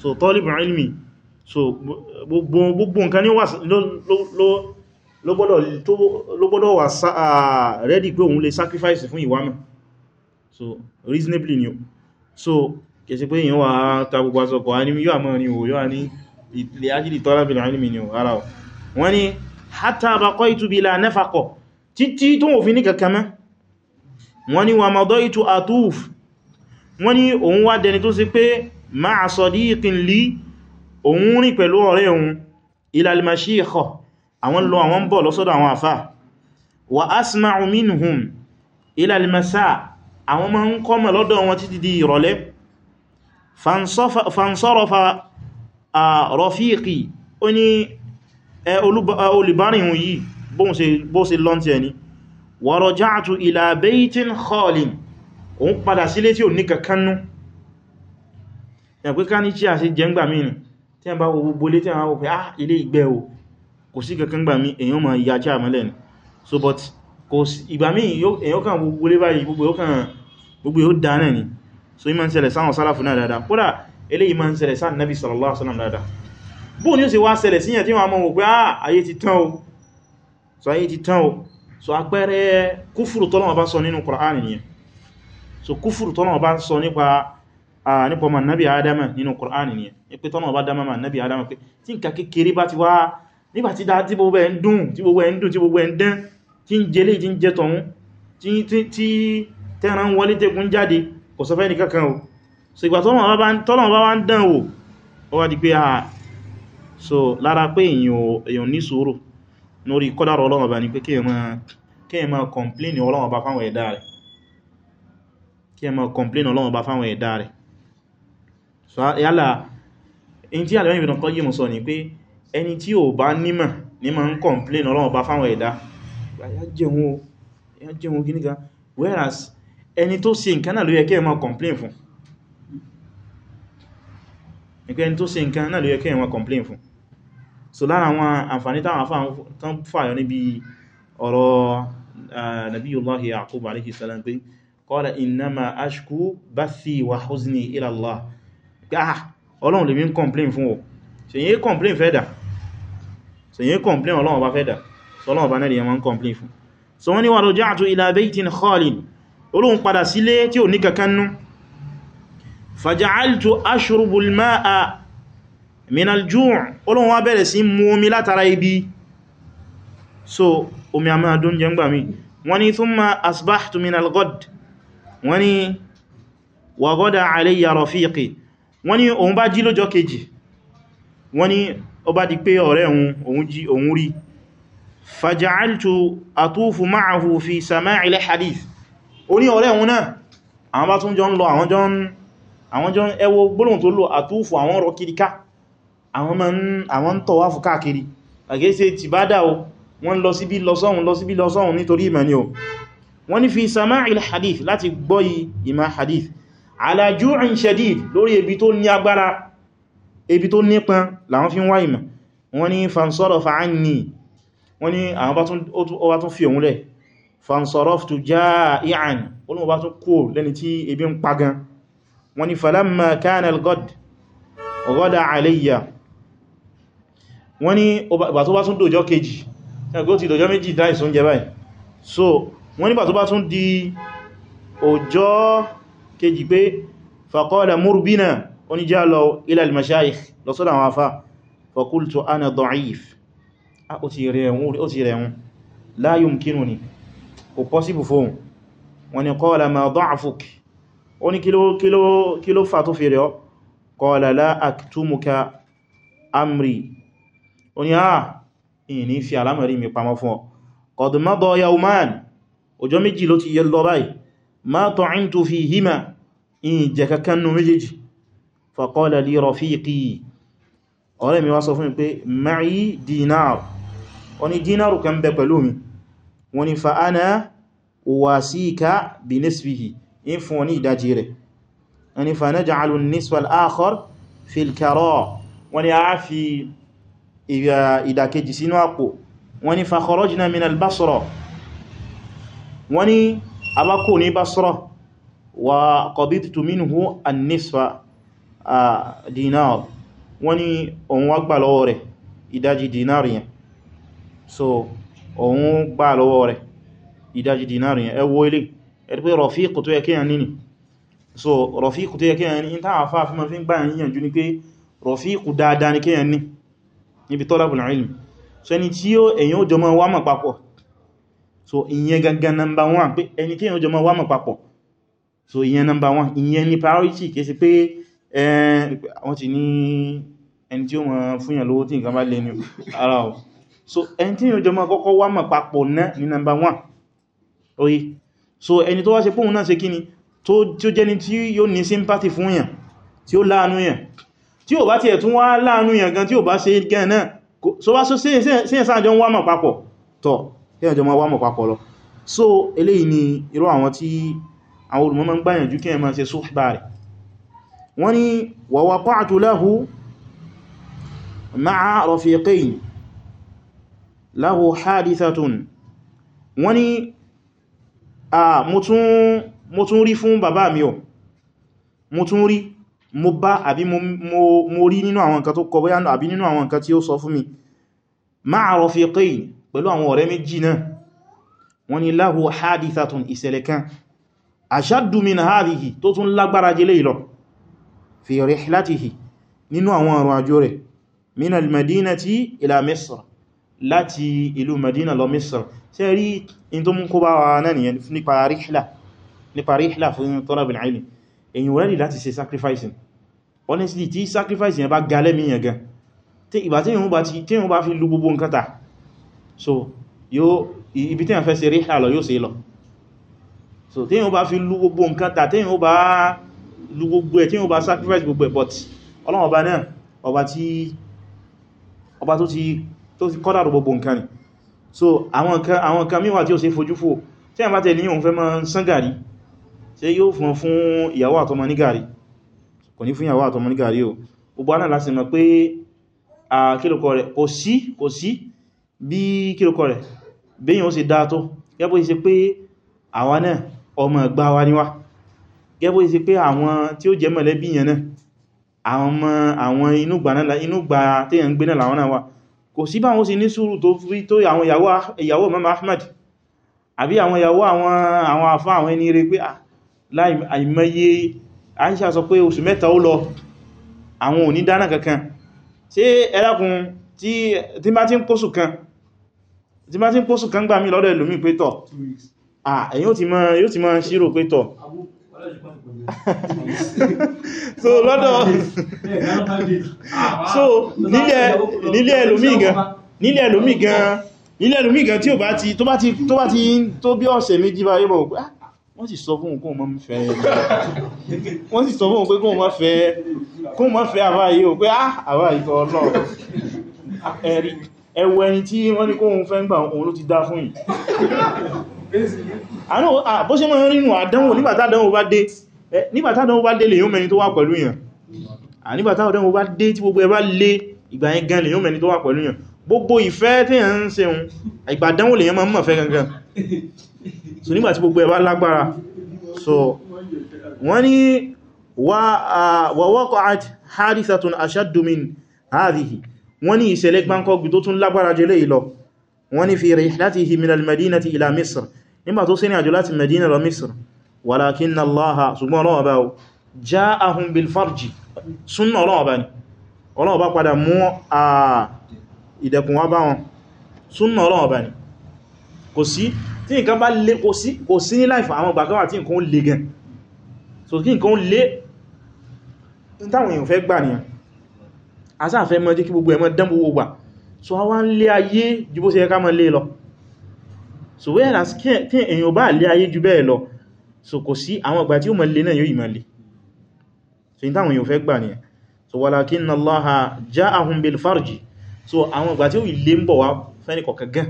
so tọ́lìbù ilmi so gbogbo nǹkan ní ló wà rẹ́dì pé òun lè sacrifice fún ìwà mẹ́ so reasonably ni so kẹsí pé èyàn wà ta gbogbo aṣọ kọ̀ á ní yóò àmọ́ ni o wọ́n ni hatta baqaytu bila nafaqa títí tó wọ́n fi ní kankan mẹ́ wọ́n ni wa madaitu atuf wọ́n ni òun wá dẹni tó sì pé ma'a sadiqin li òun rìn pẹ̀lú ọ̀rẹ́ òun ila al-mashikha àwọn lọ àwọn bọ̀ lọ́sọ́dọ̀ àwọn àfà wa asma'u minhum ila al-masa àwọn ma ń kọ́mọ̀ lọ́dọ̀ wọn títí di ìrọ̀lẹ́ fansarafa rafiqi ó ní olùbárìnhùn yìí bó ṣe lọ́ntí ẹni wa raja'tu ila baytin khalin òun padà sílé tí ò ní kankannú ẹ̀pẹ́ ká ní tí a ṣe jẹ́ngbà mínú tí a bá gbogbo lé tí a wọ́n pẹ́ ah ilé ìgbẹ́ o kò sí kankangbà mí èyàn ma ni so but kò sí ìgbà mí èyàn kan gbogbo lé báyìí ni so ìmọ̀ ń ṣẹlẹ̀ sáwọn sálàfù náà dáadáa kódà eléyìí nabi sallallahu alaihi wasallam bóò ní ó ṣe wá ṣẹlẹ̀ síyàn tí wọ́n mọ̀ wò pé ah, ayé ti tán o so ayé ti tán o so àpẹẹrẹ kúfùrù tọ́lọ́wọ́ bá sọ nínú Kùránì nìyẹn so kúfùrù tọ́lọ́wọ́ bá sọ nípa nípa ọmọ nábi adama nínú Kùránì nìyẹn ní pé tọ́lọ́wọ́ bá dámà ma nábi adama pé tí nǹkan kékeré bá ti wá nígbà tí dá tí gbogbo ẹ̀ ń dùn tí gbogbo ẹ̀ ń dùn tí gbogbo ẹ̀ ń dán tí ń jẹlé tí so lára pé èyàn ní sùúrù lórí kọ́dàrọ̀ Ọlọ́run Ọba ní pé kéèyàn máa kọ̀mplín Ọlọ́run Ọba fáwọn ẹ̀dá rẹ̀ so yálà in tí àlẹ́wọ̀n Ibn Qayyim sọ ní pé ẹni tí ò bá nímọ̀ ní máa ń kọ̀mplín Ọlọ́run Ọba fáwọn ẹ̀dá whereas ẹni tó ṣe nǹkan náà ló yẹ kí ẹ máa kọ̀mplín fún nípa ẹni tó ṣe nǹkan náà ló yẹ kí ẹ̀wọ̀n complain fún so lára àwọn àǹfàní táwọn afá tán fàyọ níbi ọ̀rọ̀ nabiyullahi yaqub alayhi salam pé qala innama ashku bathi wa huzni ila Allah pé ah, ọlọ́run lèmi ń ń complain fún fàjáàlìtò aṣùrùbùlmá a minaljuun olóhun wá bẹ̀rẹ̀ sí mú omi látara ibi so omi a máa dún jẹngbà mi wọ́n ni thumma asbáhtù minalgod wọ́n ni wàgọ́dà alayya rafiqi wọ́n ni òun bá jí lọ́jọ́ kejì wọ́n ni ó bá di pé ọ̀rẹ́ òun rí fàjáàlìtò àtúfù máàhù fi samáàilẹ̀ hadith àwọn jọ ẹwọ gbólóhùn tó lò àtúfù àwọn rọ kiri ká àwọn ń tọ̀wáfù káàkiri àgẹ́sẹ̀ ti bá dá o wọ́n lọ síbí lọ sọ́hun lọ síbí lọ sọ́hun nítorí ìmọ̀ ni o wọ́n ní fi sama'il hadith láti gbọ́yí ìmọ̀ hadith ala ju'in shadid lórí ebi tó ní agbára ebi tó nípọn làwọn fi ń wá ìmọ̀ wọ́n ní fansarafa anni wọ́n ní wọ́n ní falamma kana al-ghad ghada alayya wọ́n ní ìgbà tó bá tún dòjọ́ kejì ẹgbẹ́ ti dòjọ́ méjì dáì sún báyìí so wọ́n ní ìgbà tó bá tún di ọjọ́ kejì pé faqala murbina wọ́n ní já lọ ila al-mashayikh lọ sọ́dọ̀ àwọn afá faqultu ana da'if ó ti rẹ̀ ma da'fuk ó ní kí ló fà tó fi rẹ̀ ọ́ qala la aktumuka amri ó ní àà ah, ìní fi alámọ̀rí mi pamọ́ fún ọ qad mada yawman ọjọ́ méjì ló ti yẹ lọ báyìí ma ta'intu fihima ìjẹ kankannu méjèèjì faqala li rafiqi ọ̀rẹ́ mi wá sọ in fún wọn ní ìdájí rẹ̀ ẹni fanaja'alu an-nisfa al-akhar fil kara' wọ́n ni a fi ìdàkejì sínú àpò wọ́n ni fa kharajna min al-Basra wọ́n ni abákò ní Basra wa qabidtu minhu an-nisfa dinar wọ́n ni òun wá gbà lọ́wọ́ rẹ̀ dinar yẹn so òun gbà lọ́wọ́ rẹ̀ ìdájí dinar yẹn ẹ ilé ẹ̀rí pé rọ̀fíkù tó yẹ kí yàn níní so rọ̀fíkù tó yẹ kí yàn ní ìta àfá fí ma fi ń gbà yíyànjú ní pé rọ̀fíkù dáadáa ní kí yàn ní níbi tọ́lábùn ilmi so ẹni tí ó èyàn ó so ìyẹn namba 1 pé ẹni tí èyàn ó jọmọ so ìyẹn namba 1 ìyẹn ni priority kìí sí pé wọ́n ti ní ẹni tí ó mọ̀ so ẹni tí èyàn ó jọmọ kọ́kọ́ wá mọ̀ papọ̀ náà namba 1 oye so ẹni tó wá ṣe pòun náà ṣe kíni tó tí ó jẹ́ ni tí yóò ní sympathy fún yàn tí ó láàánú yàn tí ó bá tiẹ̀ tún wá láàánú yàn gan tí ó bá ṣe gan náà so wá so sí ẹ̀sán àjọ ń wá mọ̀ papọ̀ tọ̀ kí ẹjọ́ máa wá mọ̀ papọ̀ lọ so eléyìí ni irú àwọn tí àwọn olùmọ́ máa ń gbáyànjú kí ẹ máa ṣe sóhbà rẹ̀ wọ́n ni wa wọ́n ni ah mo tún rí fún bàbá mi o mo tún rí mo bá àbí mo rí nínú àwọn nǹkan tó kọ bóyá àbí nínú àwọn nǹkan tí ó sọ fún mi ma'a rafiqayn pẹ̀lú àwọn ọ̀rẹ́ méjì náà wọ́n ní lahu hadithatun ìṣẹ̀lẹ̀ kan ashaddu min hadhihi tó tún lágbára jẹ́lẹ̀ ìlọ fi rihlatihi nínú àwọn ọ̀rọ̀ àjò rẹ̀ min al-madinati ila misra láti ìlú Medina lọ Misr ṣe rí in tó mú kó bá wa náà nìyẹn nípa ríhìlá nípa ríhìlá fún tọ́nà bin aini èyí wọ́n rí láti ṣe sacrificing honestly tí sacrificing yẹn bá galẹ́ míyàn gan tí ìgbà tí ìhun bá ti tí ìhun bá fi lú gbogbo nǹkan tà so yóò ibi tí ìhun fẹ́ ṣe ríhìlá lọ yóò ṣe lọ so tí ìhun bá fi lú gbogbo nǹkan tà tí ìhun bá lú gbogbo ẹ̀ tó ti kọ́dàrù gbogbo nǹkan ni so àwọn nǹkan míwà tí ó ṣe fojú fò tí a bá tẹ̀ níyàn fẹ́ máa ń sán gàrí ṣe yóò fún fún ìyàwó àtọmọ ní gàrí kò ní fún ìyàwó àtọmọ ní gàrí o gbogbo aná láti mọ̀ pé a kílùkọ rẹ̀ kò sí kò sí bí kílùkọ rẹ̀ béyàn ó sì dá tó gẹ́bó ṣe pé àwa náà ọmọ ẹgbà wa tí ó ń gbé náà làwọn náà wà kò sí bá wọn sí ní sùúrù tó fi tó àwọn ìyàwó mama ahmad àbí àwọn ìyàwó àwọn afá àwọn ẹni rẹ̀ pé àìmọye àìṣà sọ pé oṣù mẹ́ta ó lọ àwọn ò ní dáná kankan ṣé ẹlákun tí bá ti ń kóṣù kan tí bá ti ń kóṣù kan gbà mí lọ́dọ̀ ẹlòmí pé tọ̀ ẹ̀yìn yóò ti máa ṣírò pé tọ̀ so lọ́dọ̀ so nílẹ̀ ẹlòmíì gan nílẹ̀ ẹlòmíì gan nílẹ̀ ẹlòmíì gan tí ó bá ti tó bá ti tó bá ti tó bí ọ̀sẹ̀ méjì bá yíbọn òpá ah, wọ́n sì sọ fún òun kó mọ́ fẹ́ wọ́n sì sọ fún òun pé kó mọ́ fẹ́ kó mọ́ fẹ́ àbáyé ò pé àbáyé tọ́ náà ẹwọ ẹni tí wọ́n ní kó òun fẹ́ ń gbà òun ló ti dá fún yìí ah, bó ṣe mọ́ rínú àdánwò nígbàtádánwò bá dé Eh, nígbàtá dánwò bá dé lè yóò mẹ́ni tó wà pẹ̀lú yàn nígbàtá dánwò bá dé tí gbogbo ẹ bá lé ìgbà yẹn gan lè yóò mẹ́ni tó wà pẹ̀lú yàn gbogbo ìfẹ́ tí yàn ń ṣe hun ìgbàdánwò lè yàn máa ń gangan so nígbàtí gbogbo ẹ bá lágbára so wọ́n ní wa waqa'at hadithatun ashaddu min hadhihi wọ́n ní ìṣẹ̀lẹ̀ gbáǹkọ́gbì tó tún lágbára jẹ́ lè lọ wọ́n ní fi rihlatihi min nígbà tó sí ní àjò láti medina lọ misr walakinna Allaha ṣùgbọ́n ọlọ́ọ̀bá o ja'ahum bil farji súnnà ọlọ́ọ̀bá ni ọlọ́ọ̀bá padà mú à ìdẹ̀kùn wá bá wọn súnnà ọlọ́ọ̀bá ni kò sí tí nǹkan bá lé kò sí kò sí ní láìfà àwọn gbàgbà tí nǹkan ó lé gan so kí nǹkan ó lé ní táwọn èèyàn fẹ́ gbà nìyàn asáfẹ́ mọ́ jẹ́ kí gbogbo so a wá kí èèyàn bá lé ayé ju bẹ́ẹ̀ lọ so kò sí àwọn ìgbà tí ó mọ̀ lè náà yóò ìmọ̀ lè so ní táwọn yóò fẹ́ gbà ní so walakinna Allaha ja'ahum bil farji so àwọn ìgbà tí ó ilé ń bọ̀ wá fẹ́ni kọ̀kan gan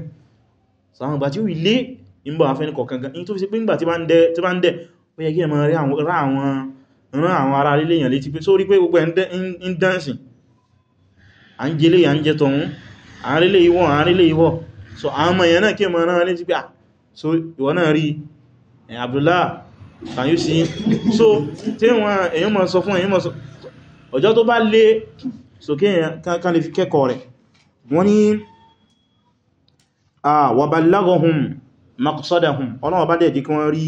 so àwọn ìgbà tí ó ilé ń bọ̀ wá fẹ́ni kọ̀kan gan in tó fi sí pé nígbà tí bá ń dẹ̀ ó yẹ kí ẹ máa rí àwọn rán àwọn ará lílé èèyàn létí ẹ̀ ń can you see so tí wọ́n èyàn ma sọ fún èyàn ma sọ ọjọ́ tó bá lé sókè kan lè fi kẹ́kọ̀ọ́ rẹ̀ wọ́n ni wa ballaghahum maqsadahum ọlọ́wọ́ bá dẹ̀ jẹ́ kí wọ́n rí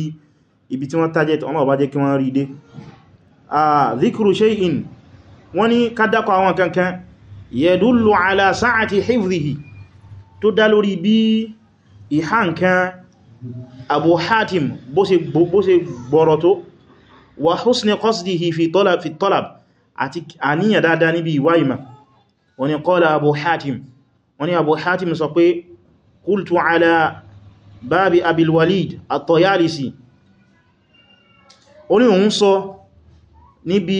ibi tí wọ́n target ọlọ́wọ́ bá jẹ́ kí wọ́n rí dé dhikru shay'in wọ́n ni kádàkọ̀ ala sa'ati hifdhihi tó dá lórí Abu Hatim bó ṣe gbọ́rọ̀ tó wà husni qasdihi fi talab fi talab àti àníyàn dáadáa níbi ìwá ìmọ̀ wọ́n ni qala Abu Hatim wọ́n ni Abu Hatim sọ pé qultu ala babi Abil Walid at-Tayalisi oní òun sọ níbi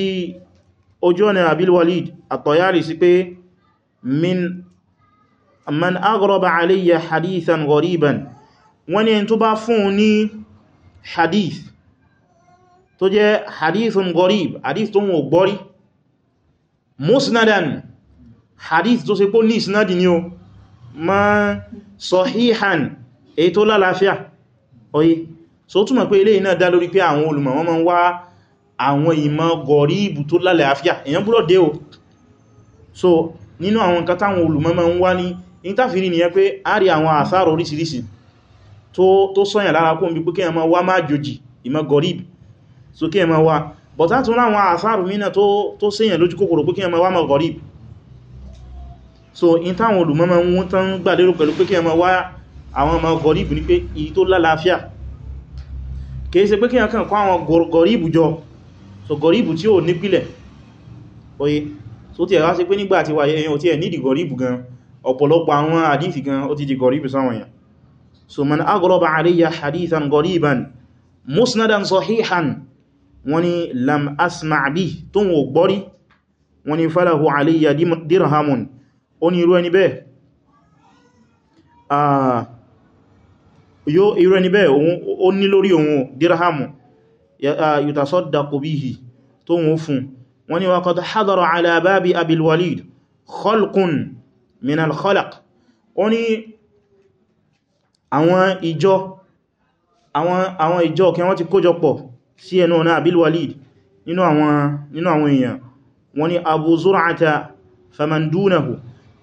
ojú ọ̀nà Abil Walid pé min man aghraba alayya hadithan ghariban wọ́n ní ẹni tó bá fún un ní hadith tó jẹ́ hadithun gharib hadith tó wọ́n gbọ́rí musnadan hadith tó ṣe pó ní isnadi ni o ma sahihan èyí tó lálàáfíà oye so túnmọ̀ pé eléyìí náà dá lórí pé àwọn olùmọ̀ wọ́n máa ń wá àwọn ìmọ̀ gọ̀ríbù tó lálàáfíà èyàn búrọ̀ dé o so nínú àwọn nǹkan táwọn olùmọ̀ máa ń wá ní ìtàfírí nìyẹn pé a rí àwọn àsáàrọ̀ oríṣiríṣi tó sọ́yàn lára kún bí pé kí ẹmọ wá máa jòjì ìmọ̀ gọ̀ríb so kí ẹmọ wá but láti wọ́n àwọn àsáàrù mínà tó sẹ́yàn lójú kòkòrò pé kí ẹmọ wá máa gọ̀ríb so in táwọn olùmọ́mọ́ wọ́n tán gbà lérò pẹ̀lú pé kí ẹmọ wá àwọn ọmọ gọ̀ríb ní pé èyí tó lálàáfíà kìí so gọ̀ríb tí ò nípìlẹ̀ oye so ti ẹ̀rá ṣe pé nígbà àti wáyé ẹ̀yàn ò ti ẹ̀ nídìí gọ̀ríb gan ọ̀pọ̀lọpọ̀ àwọn àdífì gan so man agraba alayya hadithan ghariban musnadan sahihan wani lam asma' bi tó wò gbọ́rí wani falahu alayya dirhamun o ni irú ẹni bẹ́ẹ̀ ah, yóò irú ẹni bẹ́ẹ̀ o ní lórí ohun dirhamu ah, yutasaddaqu bihi tó wò fún wani wa qad hadara ala babi abil walid khalqun min al khalaq o àwọn ìjọ kí wọ́n ti kójọpọ̀ sí ẹnu ọ̀nà abil walid nínú àwọn èèyàn wọ́n ni abu zur'ata faman dunahu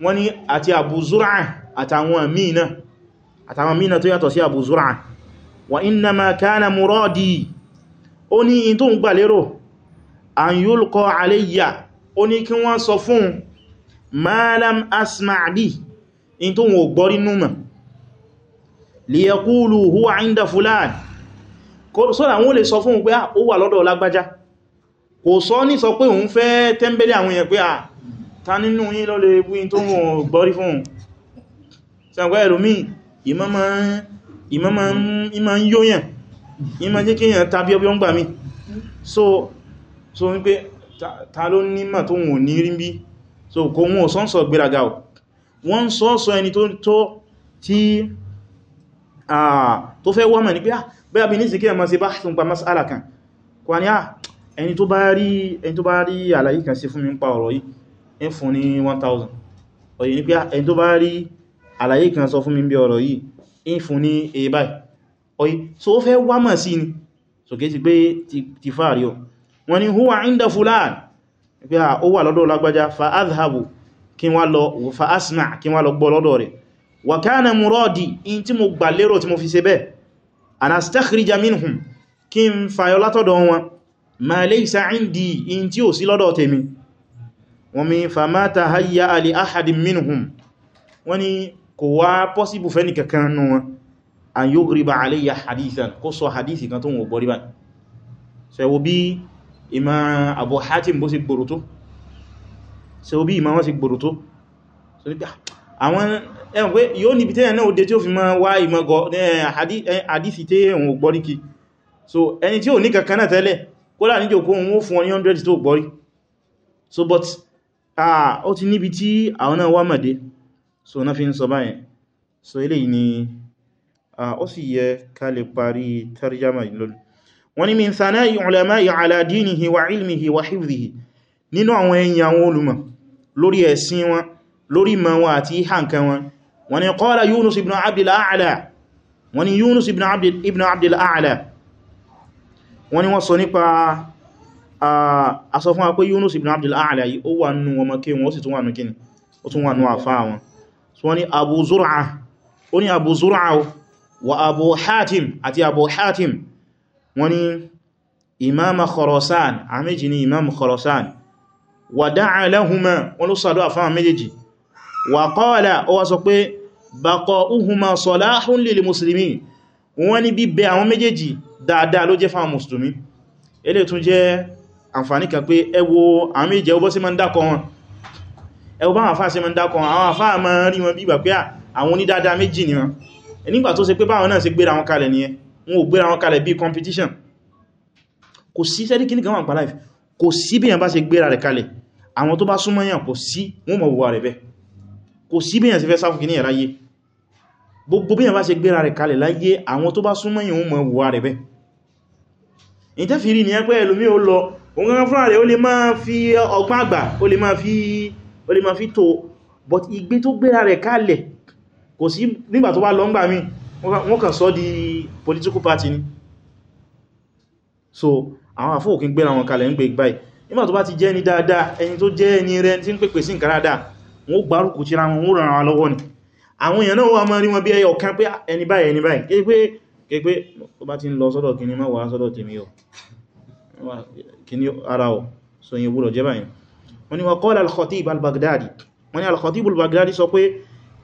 wọ́n ni àti abu zur'a àtàwọn mìíràn tó yàtọ̀ sí abu zur'a wa innama kana muradi ó ní in tó ń gbà lérò an yulqa alayya ó ní kí wọ́n sọ fún ma lam in tó wọ́n gbọ́rí númọ̀ liyaqulu huwa inda fulan sọ́dá wọ́n lè sọ fún un pé ah, ó wà lọ́dọ̀ lágbájá kò sọ ní sọ pé òun fẹ́ tẹ́mbẹ̀lẹ̀ àwọn èèyàn pé à ah, ta nínú yín lọ́lẹ̀ ibúyín tó wọ́n gbọ́rí fún un sàgbà mi so so wípé ta ló nímọ̀ tó wọ́n ní rí bí so kò wọ́n sọ́nsọ̀ gbéraga wọ́n sọ́sọ tó fẹ́ wọ́mọ̀ ní pé à ah, bí ní sí kí ẹmọ́ sí bá tún pa kan kwa ní à ah, ẹni tó bá rí kan sí fún mi ń pa ọ̀rọ̀ yìí fún ní 1000 ọ̀yí ni pé ẹni tó bá rí alayi ah, kan sọ fún mi bí ọ̀rọ̀ yìí fún ní so fẹ́ ni ọ huwa ndafu laa fa fa wa kana muradi in tí mo gbà lérò tí mo fi ṣe bẹ́ẹ̀ an astakhrija minhum kí n fàyọ látọ̀dọ̀ wọn ma laysa indi in tí ò sí lọ́dọ̀ tèmi wọ́n mi fama tahayya li ahadin minhum wọ́n ni kò wá pọ́síbù fẹ́ nìkankan nù wọn àwọn ẹ̀wọ̀n pé yóò níbi tẹ́yàn náà ó dé tí ó fi máa wá ìmọ̀gọ̀ àdísì tí ẹ̀wọ̀n ò gbọ́rí kí so ẹni tí ò ní kankan náà tẹ́lẹ̀ kódà níjò kó wọ́n fún ọ ní 100 tó gbọ́rí so but ó ti níbi tí àwọn náà wá so náà fi ń sọ báyẹn so eléyìí ni ó sì yẹ ká lè parí tarjama ni min sana'i ulama'i ala wọn lórí ma wọn àti ìhà nǹkan wọn wọ́n ní qala yunus ibn abdil a'la wọ́n ní yunus ibn abdil a'la wọ́n ní wọ́n sọ nípa asọ fún apé yunus ibn abdil a'la yìí ó wà nù wọn mọ́kí wọn ó sì tún wà nù kíni ó tún wà nù àfá wọn so wọ́n ní abu zur'a ó ní abu zur'a wa wọn ló sàdọ́ àfáà méjèèjì wàkọ́ọ̀lá ó wá sọ pé bàkọ̀ uhùnmá sọ̀láhùn lil musulmi wọ́n ní bí bẹ àwọn méjèèjì dáadáa ló jẹ́ fáwọn musulmi ilé tún jẹ́ àǹfàní kan pé ẹwọ àwọn méjèèjì ẹwọ sí ma ń dákọ̀ wọn ẹwọ bá àwọn àfáà sí ma ń dákọ̀ wọn àwọn àfáà ma rí wọn bí ìgbà pé àwọn onídáadáa méjì ni wọn nígbà tó ṣe pé báwọn competition kò sí sẹ́rí kí ní kan wà ń kò sí bí yàn bá ṣe gbéra rẹ̀ kalẹ̀ àwọn tó bá súnmọ́ yàn kò sí wọ́n mọ̀ wà rẹ̀ bẹ́ẹ̀ kò sí bí èyàn ṣe fẹ́ sá fún kìíní láyé gbogbo bí èyàn bá ṣe gbéra rẹ̀ kalẹ̀ láyé àwọn tó bá súnmọ́ yìí wọ́n mọ̀ wà rẹ̀ bẹ́ ìtẹ́fìrí ni ẹgbẹ́ ẹlòmí ó lọ òun kankan fúnra rẹ̀ ó lè máa fi ọgbọ́n àgbà ó lè máa fi tó but ìgbé tó gbéra rẹ̀ kalẹ̀ kò sí nígbà tó bá lọ ńgbà mí wọ́n kàn sọ di political party ni so àwọn àfóòkín gbéra wọn kalẹ̀ ń gbé ìgbáyì nígbà tó bá ti jẹ́ ni dáadáa ẹni tó jẹ́ ni rẹ̀ tí ń pèpè sí nǹkan wọ́n gbárùkù tí ra wọn wọ́n ràn án lọ́wọ́ ni àwọn èèyàn náà wà máa rí wọn bí ẹyọ kan pé ah, ẹni báyìí ẹni báyìí kéèpé kéèpé ó bá ti ń lọ sọ́dọ̀ kìíní mọ́ wà sọ́dọ̀ tèmi yọ kìíní ara ọ̀ so yìí gbúrọ̀ jẹ́ báyìí wọ́n ni wa qala al-khatib al-baghdadi wọ́n ni al-khatib al-baghdadi sọ pé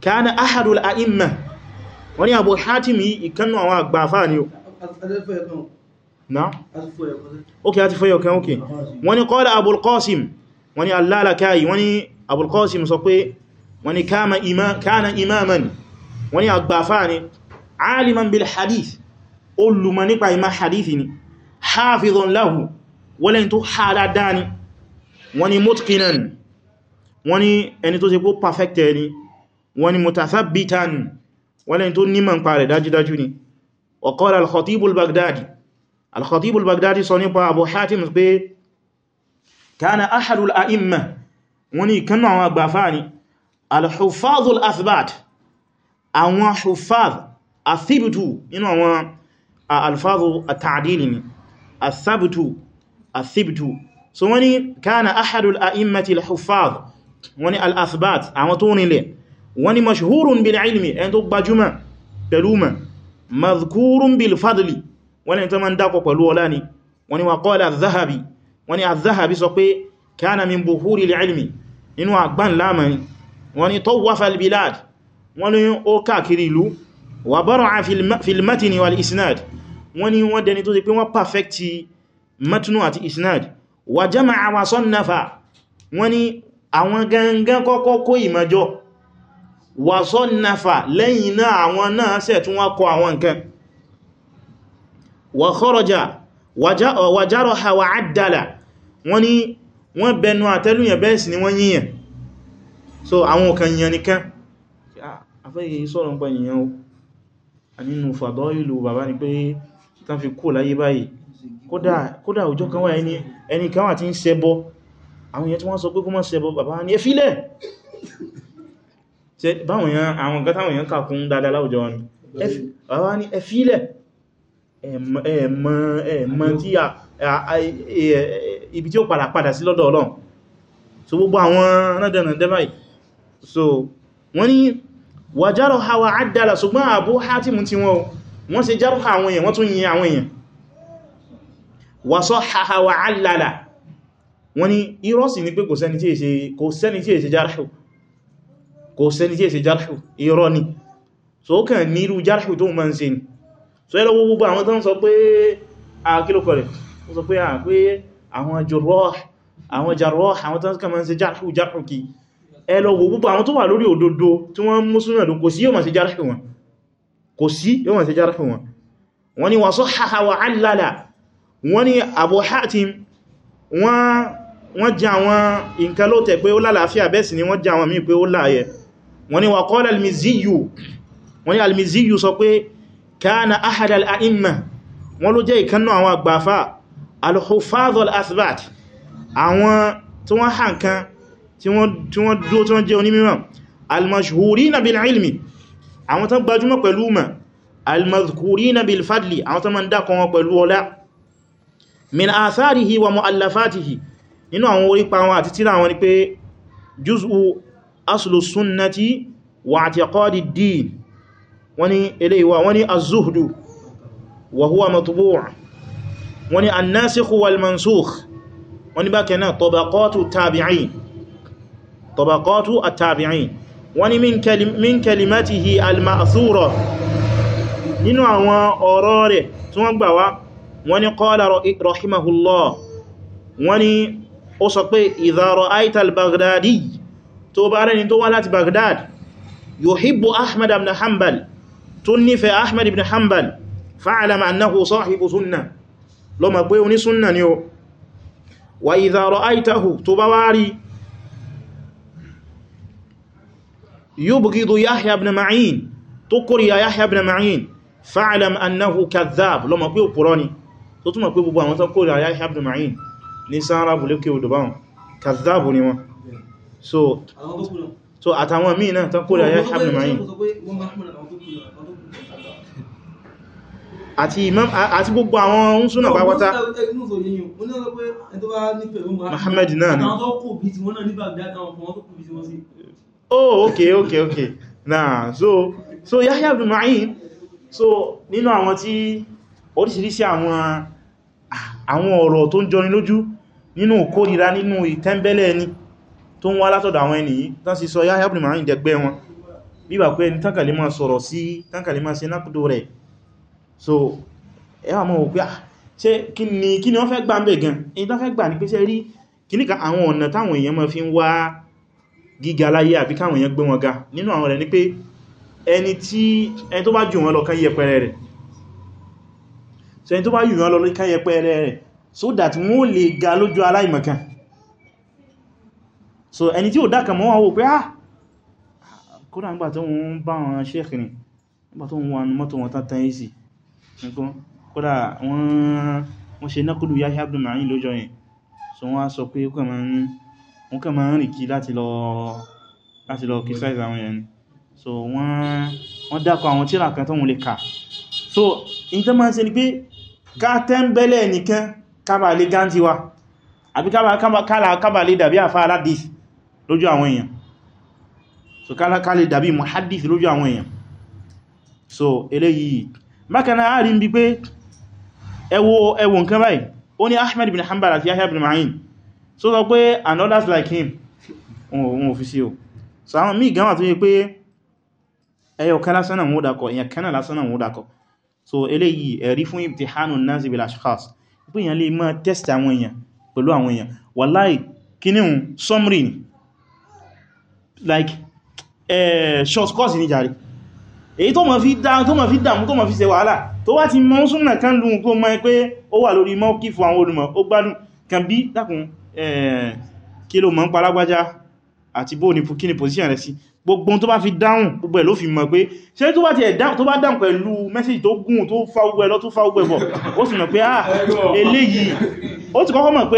kana ahadul a'imma wọ́n wọ́n ni alálàkáyì wọ́n ni abulqasim sọ pé wọ́n ni kana imaman wọ́n ni agbàfà ni aliman bil hadith olùmọ̀ nípa ìmá hadithi ni hafizan lahu wọ́lẹ́n tó ha dáadáa ni wọ́n ni mutkinan wọ́n ni ẹni tó ṣe kó perfected ni wọ́n ni mutathabitan wọ́lẹ́n tó nímọ̀ nípa rẹ̀ dájúdájú ni wa qala kana ahadul a'imma wọ́n ní ìkánnà àwọn àgbàfà ni al-hufazul athbat àwọn hufaz athibitu nínú àwọn alfazu at-ta'dil ni athabitu athibitu so wọ́n ní kana ahadul a'immati al-hufaz wọ́n ní al-athbat àwọn tó nílẹ̀ wọ́n ní mashhurun bil ilmi ẹni tó gbajúmọ̀ pẹ̀lú mọ̀ madhkurun bil fadli wọ́n ní tó ma ń dákọ̀ pẹ̀lú ọlá ni wọ́n ní wa qala adh-dhahabi wọ́n ní az-Zahabi sọ pé kana min buhuri al-ilmi nínú àgbán láàmà ni wọ́n ní tawwafa al-bilad wọ́n ní ó káàkiri ìlú wa bara'a fil matni wal isnad wọ́n ní wọ́n dẹni tó ti pé wọ́n perfecti matnu àti isnad wa jama'a wa sannafa wọ́n ní àwọn gangan kọ́kọ́ kó ìmọ̀jọ́ wa sannafa lẹ́yìn náà àwọn náà sẹ̀ tún wá kọ àwọn nǹkan wa kharaja wa jaraha wa addala wọ́n ní wọ́n bẹnu àtẹ́lùyàn bẹ́ẹ̀ sì ni wọ́n yíyàn so àwọn kan yíyàn nìkan afẹ́yẹ ah, sọ́rọ̀ ń pa yíyàn o a nínú fàdọ́ ìlú bàbá ni pé tán fi kó láyé báyìí kódà ọjọ́ kan wà ẹni kan wà tí ń ṣẹbọ àwọn èèyàn tí wọ́n sọ pé kó má ṣẹbọ bàbá ní ẹfílẹ̀ báwọn èèyàn àwọn nǹkan táwọn èèyàn kàkún dáadáa láwùjọ wọn bàbá ní ẹfílẹ̀ ẹ̀mọ̀ tí ibi tí ó padà padà sí lọ́dọ̀ Ọlọ́run so gbogbo àwọn rádẹ̀nàdẹ́ báyìí so wọ́n ní wà járó hawa àdàlà ṣùgbọ́n Abu Hatim ti wọ́n wọ́n ṣe járó àwọn èèyàn wọ́n tún yin àwọn èèyàn wà sọ hawa àlàlà wọ́n ní irọ́ sì ni pé kò sẹ́ni tí è ṣe kò sẹ́ni tí è ṣe irọ́ ni so ó kàn ní irú járó tó máa ń ni so ẹlọ́wọ́ gbogbo àwọn tó ń sọ pé àkílòkọ̀ rẹ̀ àwọn jùrọ́ àwọn jàrọ́ àwọn tán kàmọ́ sí jarhu jarhu kí ẹ lọ wo gbogbo àwọn tó wà lórí òdodo tí wọ́n mú súnà ló kò sí yóò máa ṣe jarhu wọn kò sí yóò máa ṣe jarhu wọn wọ́n ní wa sahhaha wa allala wọ́n ní Abu Hatim wọ́n já wọn nǹkan ló tẹ̀ pé ó lálàáfíà ni wọ́n já wọ́n ló jẹ́ ìkan àwọn àgbàfà alhufadol asbat àwọn tí wọ́n hàn kan tí wọ́n dúó tí wọ́n jẹ́ onímọ̀ almashhurina bil ilmi àwọn tán gbajúmọ̀ pẹ̀lú ma almadhkurina bil fadli àwọn tán ma ń dákọ wọn pẹ̀lú ọlá min atharihi wa mu'allafatihi nínú àwọn orípa wọn àti tírà wọn ni pé juz'u aslu sunnati wa i'tiqadi din wani eléyìí wani az wa huwa matbu' wọ́n ni annasikh wal mansukh wọ́n ni bákẹ̀ náà tabaqatu tabi'in tabaqatu at-tabi'in wọ́n ni min kalimatihi al-ma'thura nínú àwọn ọ̀rọ̀ rẹ̀ tí wọ́n gbà wá wọ́n ni qala rahimahullah wọ́n ni ó sọ pé idha lọ mọ̀ pé onísúnnà ni o wà idha ra'aytahu tó bá wá rí yubghidu Yahya ibn Ma'in tó kórìíra Yahya ibn Ma'in fa'lam annahu kadhdhab lọ mọ̀ pé òpùrọ́ ni tó túnmọ̀ pé gbogbo àwọn tó kórìíra Yahya ibn Ma'in ní sára bùlékè odò báwọn kadhdhab ni wọn so àtàwọn míì náà tó kórìíra Yahya ibn Ma'in àti imam àti gbogbo àwọn oúnsùn náà pápátá Muhammad náà ni oh okay okay okay náà so so Yahya ibn Ma'in so nínú àwọn tí oríṣiríṣi àwọn àwọn ọ̀rọ̀ tó ń jọni lójú nínú kórìíra nínú ìtẹ́mbẹ́lẹ̀ ẹni tó ń wá látọ̀dọ̀ àwọn ẹni yìí tán sì sọ Yahya ibn Ma'in dẹ̀gbẹ́ wọn bíbà pé ẹni tánkàlé máa sọ̀rọ̀ sí tánkàlé máa ṣe nápùdó rẹ̀ so ẹwà mọ́ òpé ah, ṣe kí ni wọ́n fẹ́ gbà ń bẹ̀ gan in tó fẹ́ gbà ní pé ṣe rí kí ní ka àwọn ọ̀nà táwọn èèyàn máa fi ń wá gíga láyé àbí káwọn èèyàn gbé wọn ga nínú àwọn rẹ̀ ni pé ẹni tí ẹni tó bá jù wọn lọ kán yẹpẹrẹ rẹ̀ so ẹni tó bá jù wọn lọ kán yẹpẹrẹ rẹ̀ so that wọ́n lè ga lójú aláìmọ̀kan so ẹni tí ò dákan mọ́ wọn wò pé ah kódà nígbà tó ń bá wọn ṣẹ́ẹ̀kì ni nígbà tó ń wọn mọ́tò wọn tán tán yìí sí nìkan kódà wọ́n ṣe nákùlù Yahya ibn Ma'in lójọ yẹn so wọ́n á sọ pé wọ́n kàn máa ń rìn kí láti lọ kìsáìsì àwọn yẹn so wọ́n dákọ àwọn tírà kan tó wọ́n lè kà so in tó máa ń ṣe ni pé ká tẹ́ńbẹ́lẹ̀ nìkan kábà lè gáǹtí wa àbí kábà lè dàbí àfá aládìí lójú àwọn èèyàn so ká lè dàbí muhaddith lójú àwọn èèyàn so eléyìí bákaná àárín bí pé ẹwọ ẹwọ nǹkan báyìí ó ní Ahmad ibn Hanbal àti Yahya ibn Ma'in so sọ pé and others like him ohun òfin sí o so àwọn míì gan wà tó yẹ pé ẹyọ kan lásán náà wó dákọ̀ èyàn kan náà lásán náà wó dákọ̀ so eléyìí ẹ̀rí fún ibtihanu nasi bil ashkhas pé èyàn lè máa test àwọn èyàn pẹ̀lú àwọn èyàn wallahi kíníhun summary ni like eh, short course ni jàre èyí tó ma fi dá tó ma fi dàmú tó ma fi ṣe wàhálà tó wá ti mọ́ súnmọ̀ kan lù kó mọ́ pé ó wà lórí mọ́ kí fún àwọn olùmọ̀ ó gbádùn kan bí dákùn eh, kí ló mọ́ ń palágbájá àti bó ní kíni position rẹ̀ sí gbogbo tó bá fi dáhùn gbogbo ẹ̀ ló fi mọ̀ pé ṣe tó bá ti ẹ̀ dáhùn tó bá dáhùn pẹ̀lú mẹ́sẹ̀jì tó gùn tó fa gbogbo ẹ̀ lọ tó fa gbogbo ẹ̀ bọ̀ ó sì mọ̀ pé ah eléyìí ó ti kọ́kọ́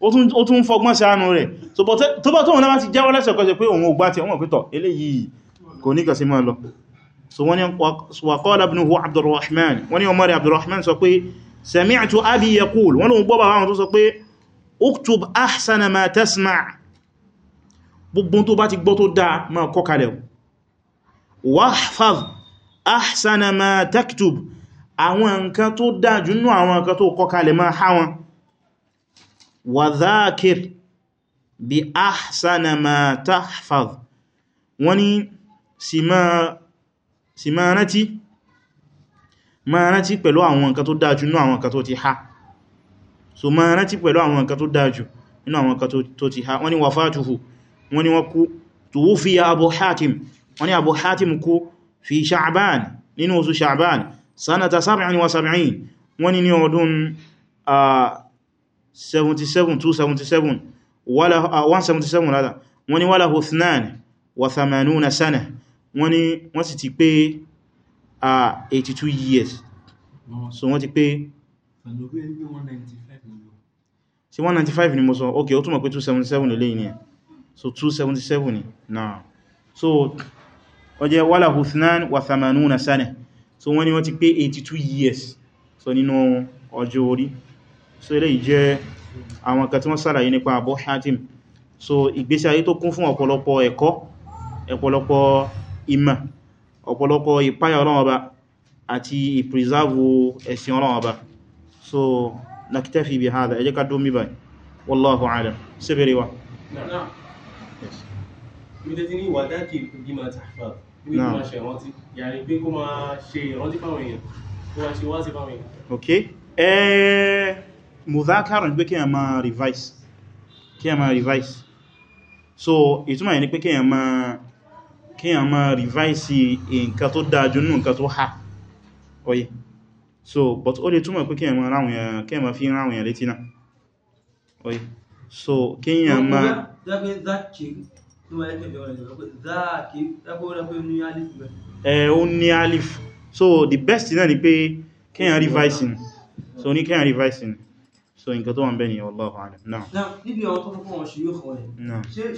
ó tún fọgbọ́n sí àánú rẹ̀ tó bá tóhun náà ti jáwọ́ lẹ́sẹ̀kọ́sẹ̀ pé òun ògbá tí àwọn òpítọ̀ eléyìí kò ní kàsí máa lọ so wọ́n ni wàkọ́lá ibn abdurrahman wọ́n ni Umar abdurrahman sọ pé sami'tu abi yaqul wọ́n lóun gbọ́bà wọn tó sọ pé uktub ahsana ma tasma' gbogbo tó bá ti gbọ́ tó dáa ma kọ kalẹ̀ wahfaz ahsana وذاكر بأحسن ما تحفظ wọ́n ni sì máa rántí máa rántí pẹ̀lú àwọn nǹkan tó dájú nínú àwọn nǹkan tó ti há so máa rántí pẹ̀lú àwọn nǹkan tó dájú nínú àwọn nǹkan tó ti há wọ́n ni wafatuhu wọ́n ni wọ́n kú tuwufiya Abu Hatim wọ́n ni Abu Hatim kú fi Sha'ban nínú oṣù Sha'ban sanata 77 wọ́n ni ní ọdún ah, 77 277 wala 177 uh, rádà wọ́n ni wala huthnan wa thamanuna sana wọ́n ni wọ́n sì ti pé a 82 years so wọ́n ti pé sí 195 ni mo sọ ok ó túnmọ̀ pé 277 lè lẹ́yìn ni so 277 ni náà so ọjẹ́ wala huthnan wa thamanuna sana so wọ́n ni wọ́n ti pé 82 years so nínú ọjọ́ orí so eléyìí jẹ́ àwọn kan tí wọ́n ṣàlàyé nípa Abu Hatim so ìgbésí ayé tó kún fún ọ̀pọ̀lọpọ̀ ẹ̀kọ́ ọ̀pọ̀lọpọ̀ ìmọ̀ ọ̀pọ̀lọpọ̀ ìpáyà Ọlọ́run àti ìpìrìsáàvù ẹ̀sìn Ọlọ́run so naktafi bi ok eh mudhakara ní pé kíyàn máa revise kíyàn máa revise so ìtumọ̀ yẹn ni pé kíyàn máa revise nǹkan tó dájú nínú nǹkan tó ha oye so but ó lè túmọ̀ pé kíyàn máa ráwọn yẹn kíyàn máa fi ráwọn yẹn létí náà oye so kíyàn máa ẹ̀ ní alif so the best náà ni pé kíyàn revise so ní kíyàn revise ni so nǹkan tó wà ń bẹ ni wallahu alam náà níbi àwọn tó kọ́kọ́ wọn ṣíyóò kọ̀ ẹ̀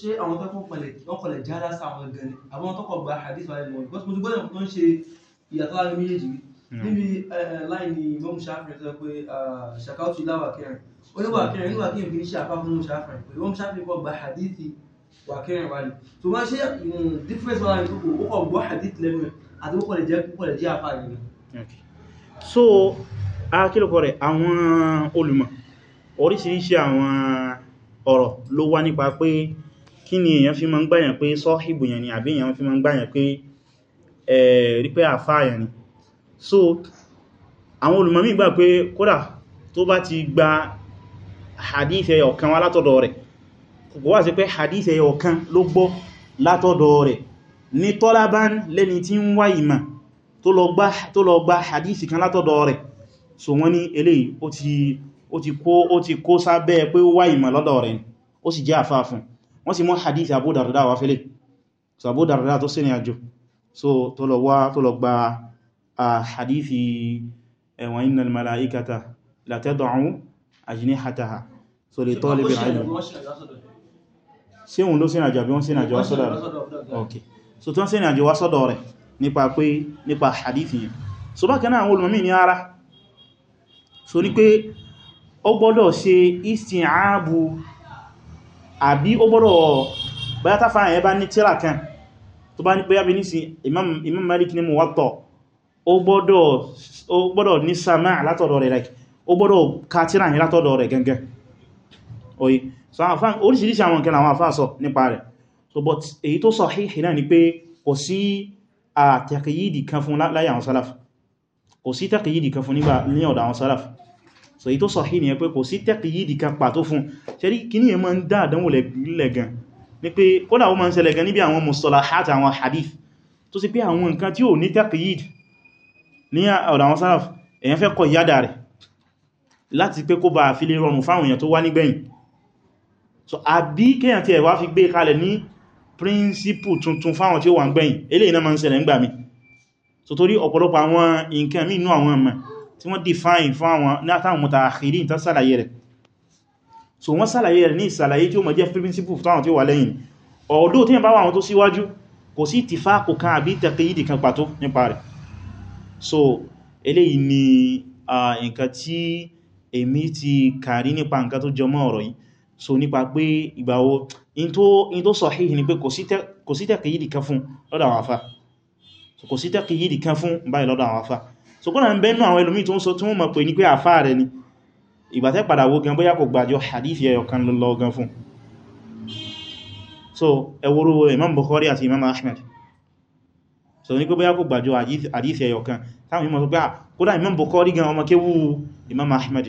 ṣe àwọn tó kọ́kọ́ jára sáwọn gan ni àwọn tó kọ́ gba hadith wà lẹ́nu wọn bọ́sí mo ti gbọ́dọ̀ tó ń ṣe ìyàtọ̀ láàrin méjèèjì níbi eh, láì ní imam shafi'i tó pé ṣàkáwùtù ah, ìlàwà kẹrin oníwà kẹrin níwà kí n fi ṣe àpá fún shafi'i pé imam shafi'i kọ́ gba hadith wà kẹrin wà ní tó máa ṣe hmm, difference wà láàrin tó kò ó kọ̀ gbọ́ hadith lẹ́nu àti ó kọ̀ lè jẹ́ àpá yìí so akílùkọ rẹ̀ àwọn olùmọ̀ oríṣiríṣi àwọn ọ̀rọ̀ ló wá nípa pé kí ni èyàn fi ma ń gbáyàn pé sọ́hìbù yẹn ni àbí èyàn fi ma ń gbáyàn pé rí pé àfáàyàn ni so àwọn olùmọ̀ míì gbà pé kódà tó bá ti gba hadith ẹyọ kan wá látọ̀dọ̀ rẹ̀ kò wá sí pé hadith ẹyọ kan ló gbọ́ látọ̀dọ̀ rẹ̀ ní tọ́lábán lẹ́ni tí ń wá ìmọ̀ tó lọ gba hadith kan látọ̀dọ̀ rẹ̀ so wọ́n ní eléyìí ó ti kó ó ti kó sábẹ́ pé ó wá ìmọ̀ lọ́dọ̀ rẹ̀ ó sì jẹ́ àfáà fún wọ́n sì mọ́ hadith Abu Darda wá fẹ́lẹ̀ so Abu Darda tó sínú àjò so tó lọ wá tó lọ gba hadithi wa innal malaikata la tad'u ajnihataha so lè tọ́lẹ̀ bẹ̀rẹ̀ àjò ṣe òun ló sínú àjò àbí ní ara so ní hmm. pé ó gbọ́dọ̀ ṣe isti'abu àbí ó gbọ́dọ̀ báyá tàfà àyẹ́ bá ní tíra kan tó bá ní pé yábi ní sí Imam Malik ní Muwatta ó gbọ́dọ̀ ní sama látọ̀dọ̀ rẹ̀ like ó gbọ́dọ̀ ka tíra yẹn látọ̀dọ̀ rẹ̀ gẹ́gẹ́ oye so àwọn oríṣiríṣi àwọn nǹkan àwọn àfáà sọ nípa rẹ̀ so but èyí tó sahih náà ni pé kò sí àtàkìyìdì kan fún láyé àwọn sálàf kò sí tàkìyìdì kan fún nígbà ní ọ̀dọ̀ àwọn sálàf so èyí tó sọ̀hí ni pé kò sí tẹ́kì yìí kan pàtó fún ṣẹ́rí kìíní ẹ̀ máa ń dá àdánwò lẹ̀ gan ni pé kódà ó máa ń ṣẹlẹ̀ gan níbi àwọn mustalahat àwọn hadith tó sì pé àwọn nǹkan tí ò ní tẹ́kì yìí ní ọ̀dọ̀ àwọn salaf èyàn fẹ́ kọ ìyádà rẹ̀ láti pé kó fi lè rọrùn fáwọn èèyàn tó wá nígbẹ̀yìn so àbí kéèyàn tí ẹ̀ wá fi gbé kalẹ̀ ní príncipù tuntun fáwọn tí ó wà ń gbẹ̀yìn eléyìí náà máa ń ṣẹlẹ̀ ń so torí ọ̀pọ̀lọpọ̀ àwọn nǹkan mí inú àwọn ọmọ tí wọ́n define fún àwọn látàwọn muta'akhirin tán sàlàyé rẹ̀ so wọ́n sàlàyé rẹ̀ ní ìsàlàyé tí ó mọ̀ jẹ́ principle fún àwọn tí ó wà lẹ́yìn ọ̀dọ́ tí yẹn bá wà àwọn tó síwájú kò sí ìtìfàkù kan àbí taqyidi kan pàtó nípa rẹ̀ so eléyìí ni nǹkan tí èmi ti kàrí nípa nǹkan tó jọmọ́ ọ̀rọ̀ yìí so nípa pé ìgbàwo in tó sahih ni pé kò sí taqyidi kan fún lọ́dọ̀ àwọn afá so kọ́nà ń bẹ́nu àwọn ẹlòmí tó ń sọ tí mọ̀ pé ní pé àfáà rẹ̀ ni ìgbàtẹ́ padà wo gan bóyá kò gbàjọ hadithi ẹyọ kan lọ gan fún so ẹwọ́rọ̀ imam bukhari àti imam ahmed so ní pé bóyá kò gbàjọ hadithi ẹyọ kan táwọn imam sọ pé kódà imam bukhari gan ọmọ kéwú imam ahmed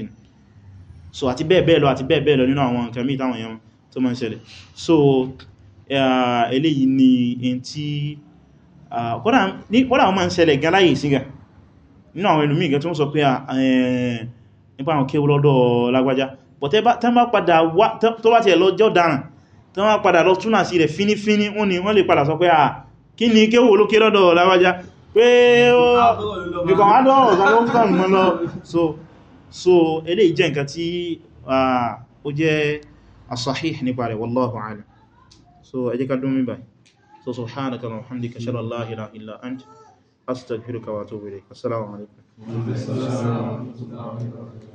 so àti bẹ́ẹ̀ bẹ́ẹ̀ lọ àti bẹ́ẹ̀ bẹ́ẹ̀ lọ nínú àwọn nǹkan míì táwọn èèyàn tó máa ń ṣẹlẹ̀ so eléyìí ni in tí kódà wọ́n máa ń ṣẹlẹ̀ gan láyé ìsìn nínú àwọn ẹlòmí ìgẹ́ tó ń sọ pé ah, eh, nípa àwọn kéwú lọ́dọ̀ lágbájá bọ̀ tó bá padà wá tó bá tiẹ̀ lọ jọ dáràn tó bá padà lọ túnà sí rẹ̀ fínífíní wọ́n ni wọ́n lè padà sọ pé à ah, kí ni kéwú olóké lọ́dọ̀ lágbájá pé ó nìkan adọ́ ọ̀sán ló ń kàn mọ́ lọ so so eléyìí jẹ́ nǹkan tí ah, ó jẹ́ as-sahih nípa rẹ̀ wallahu a'lam so ẹ jẹ́ ká dún so subhanaka wa bihamdika ashhadu an astaghfiruka wa atubu ilayk assalamu alaikum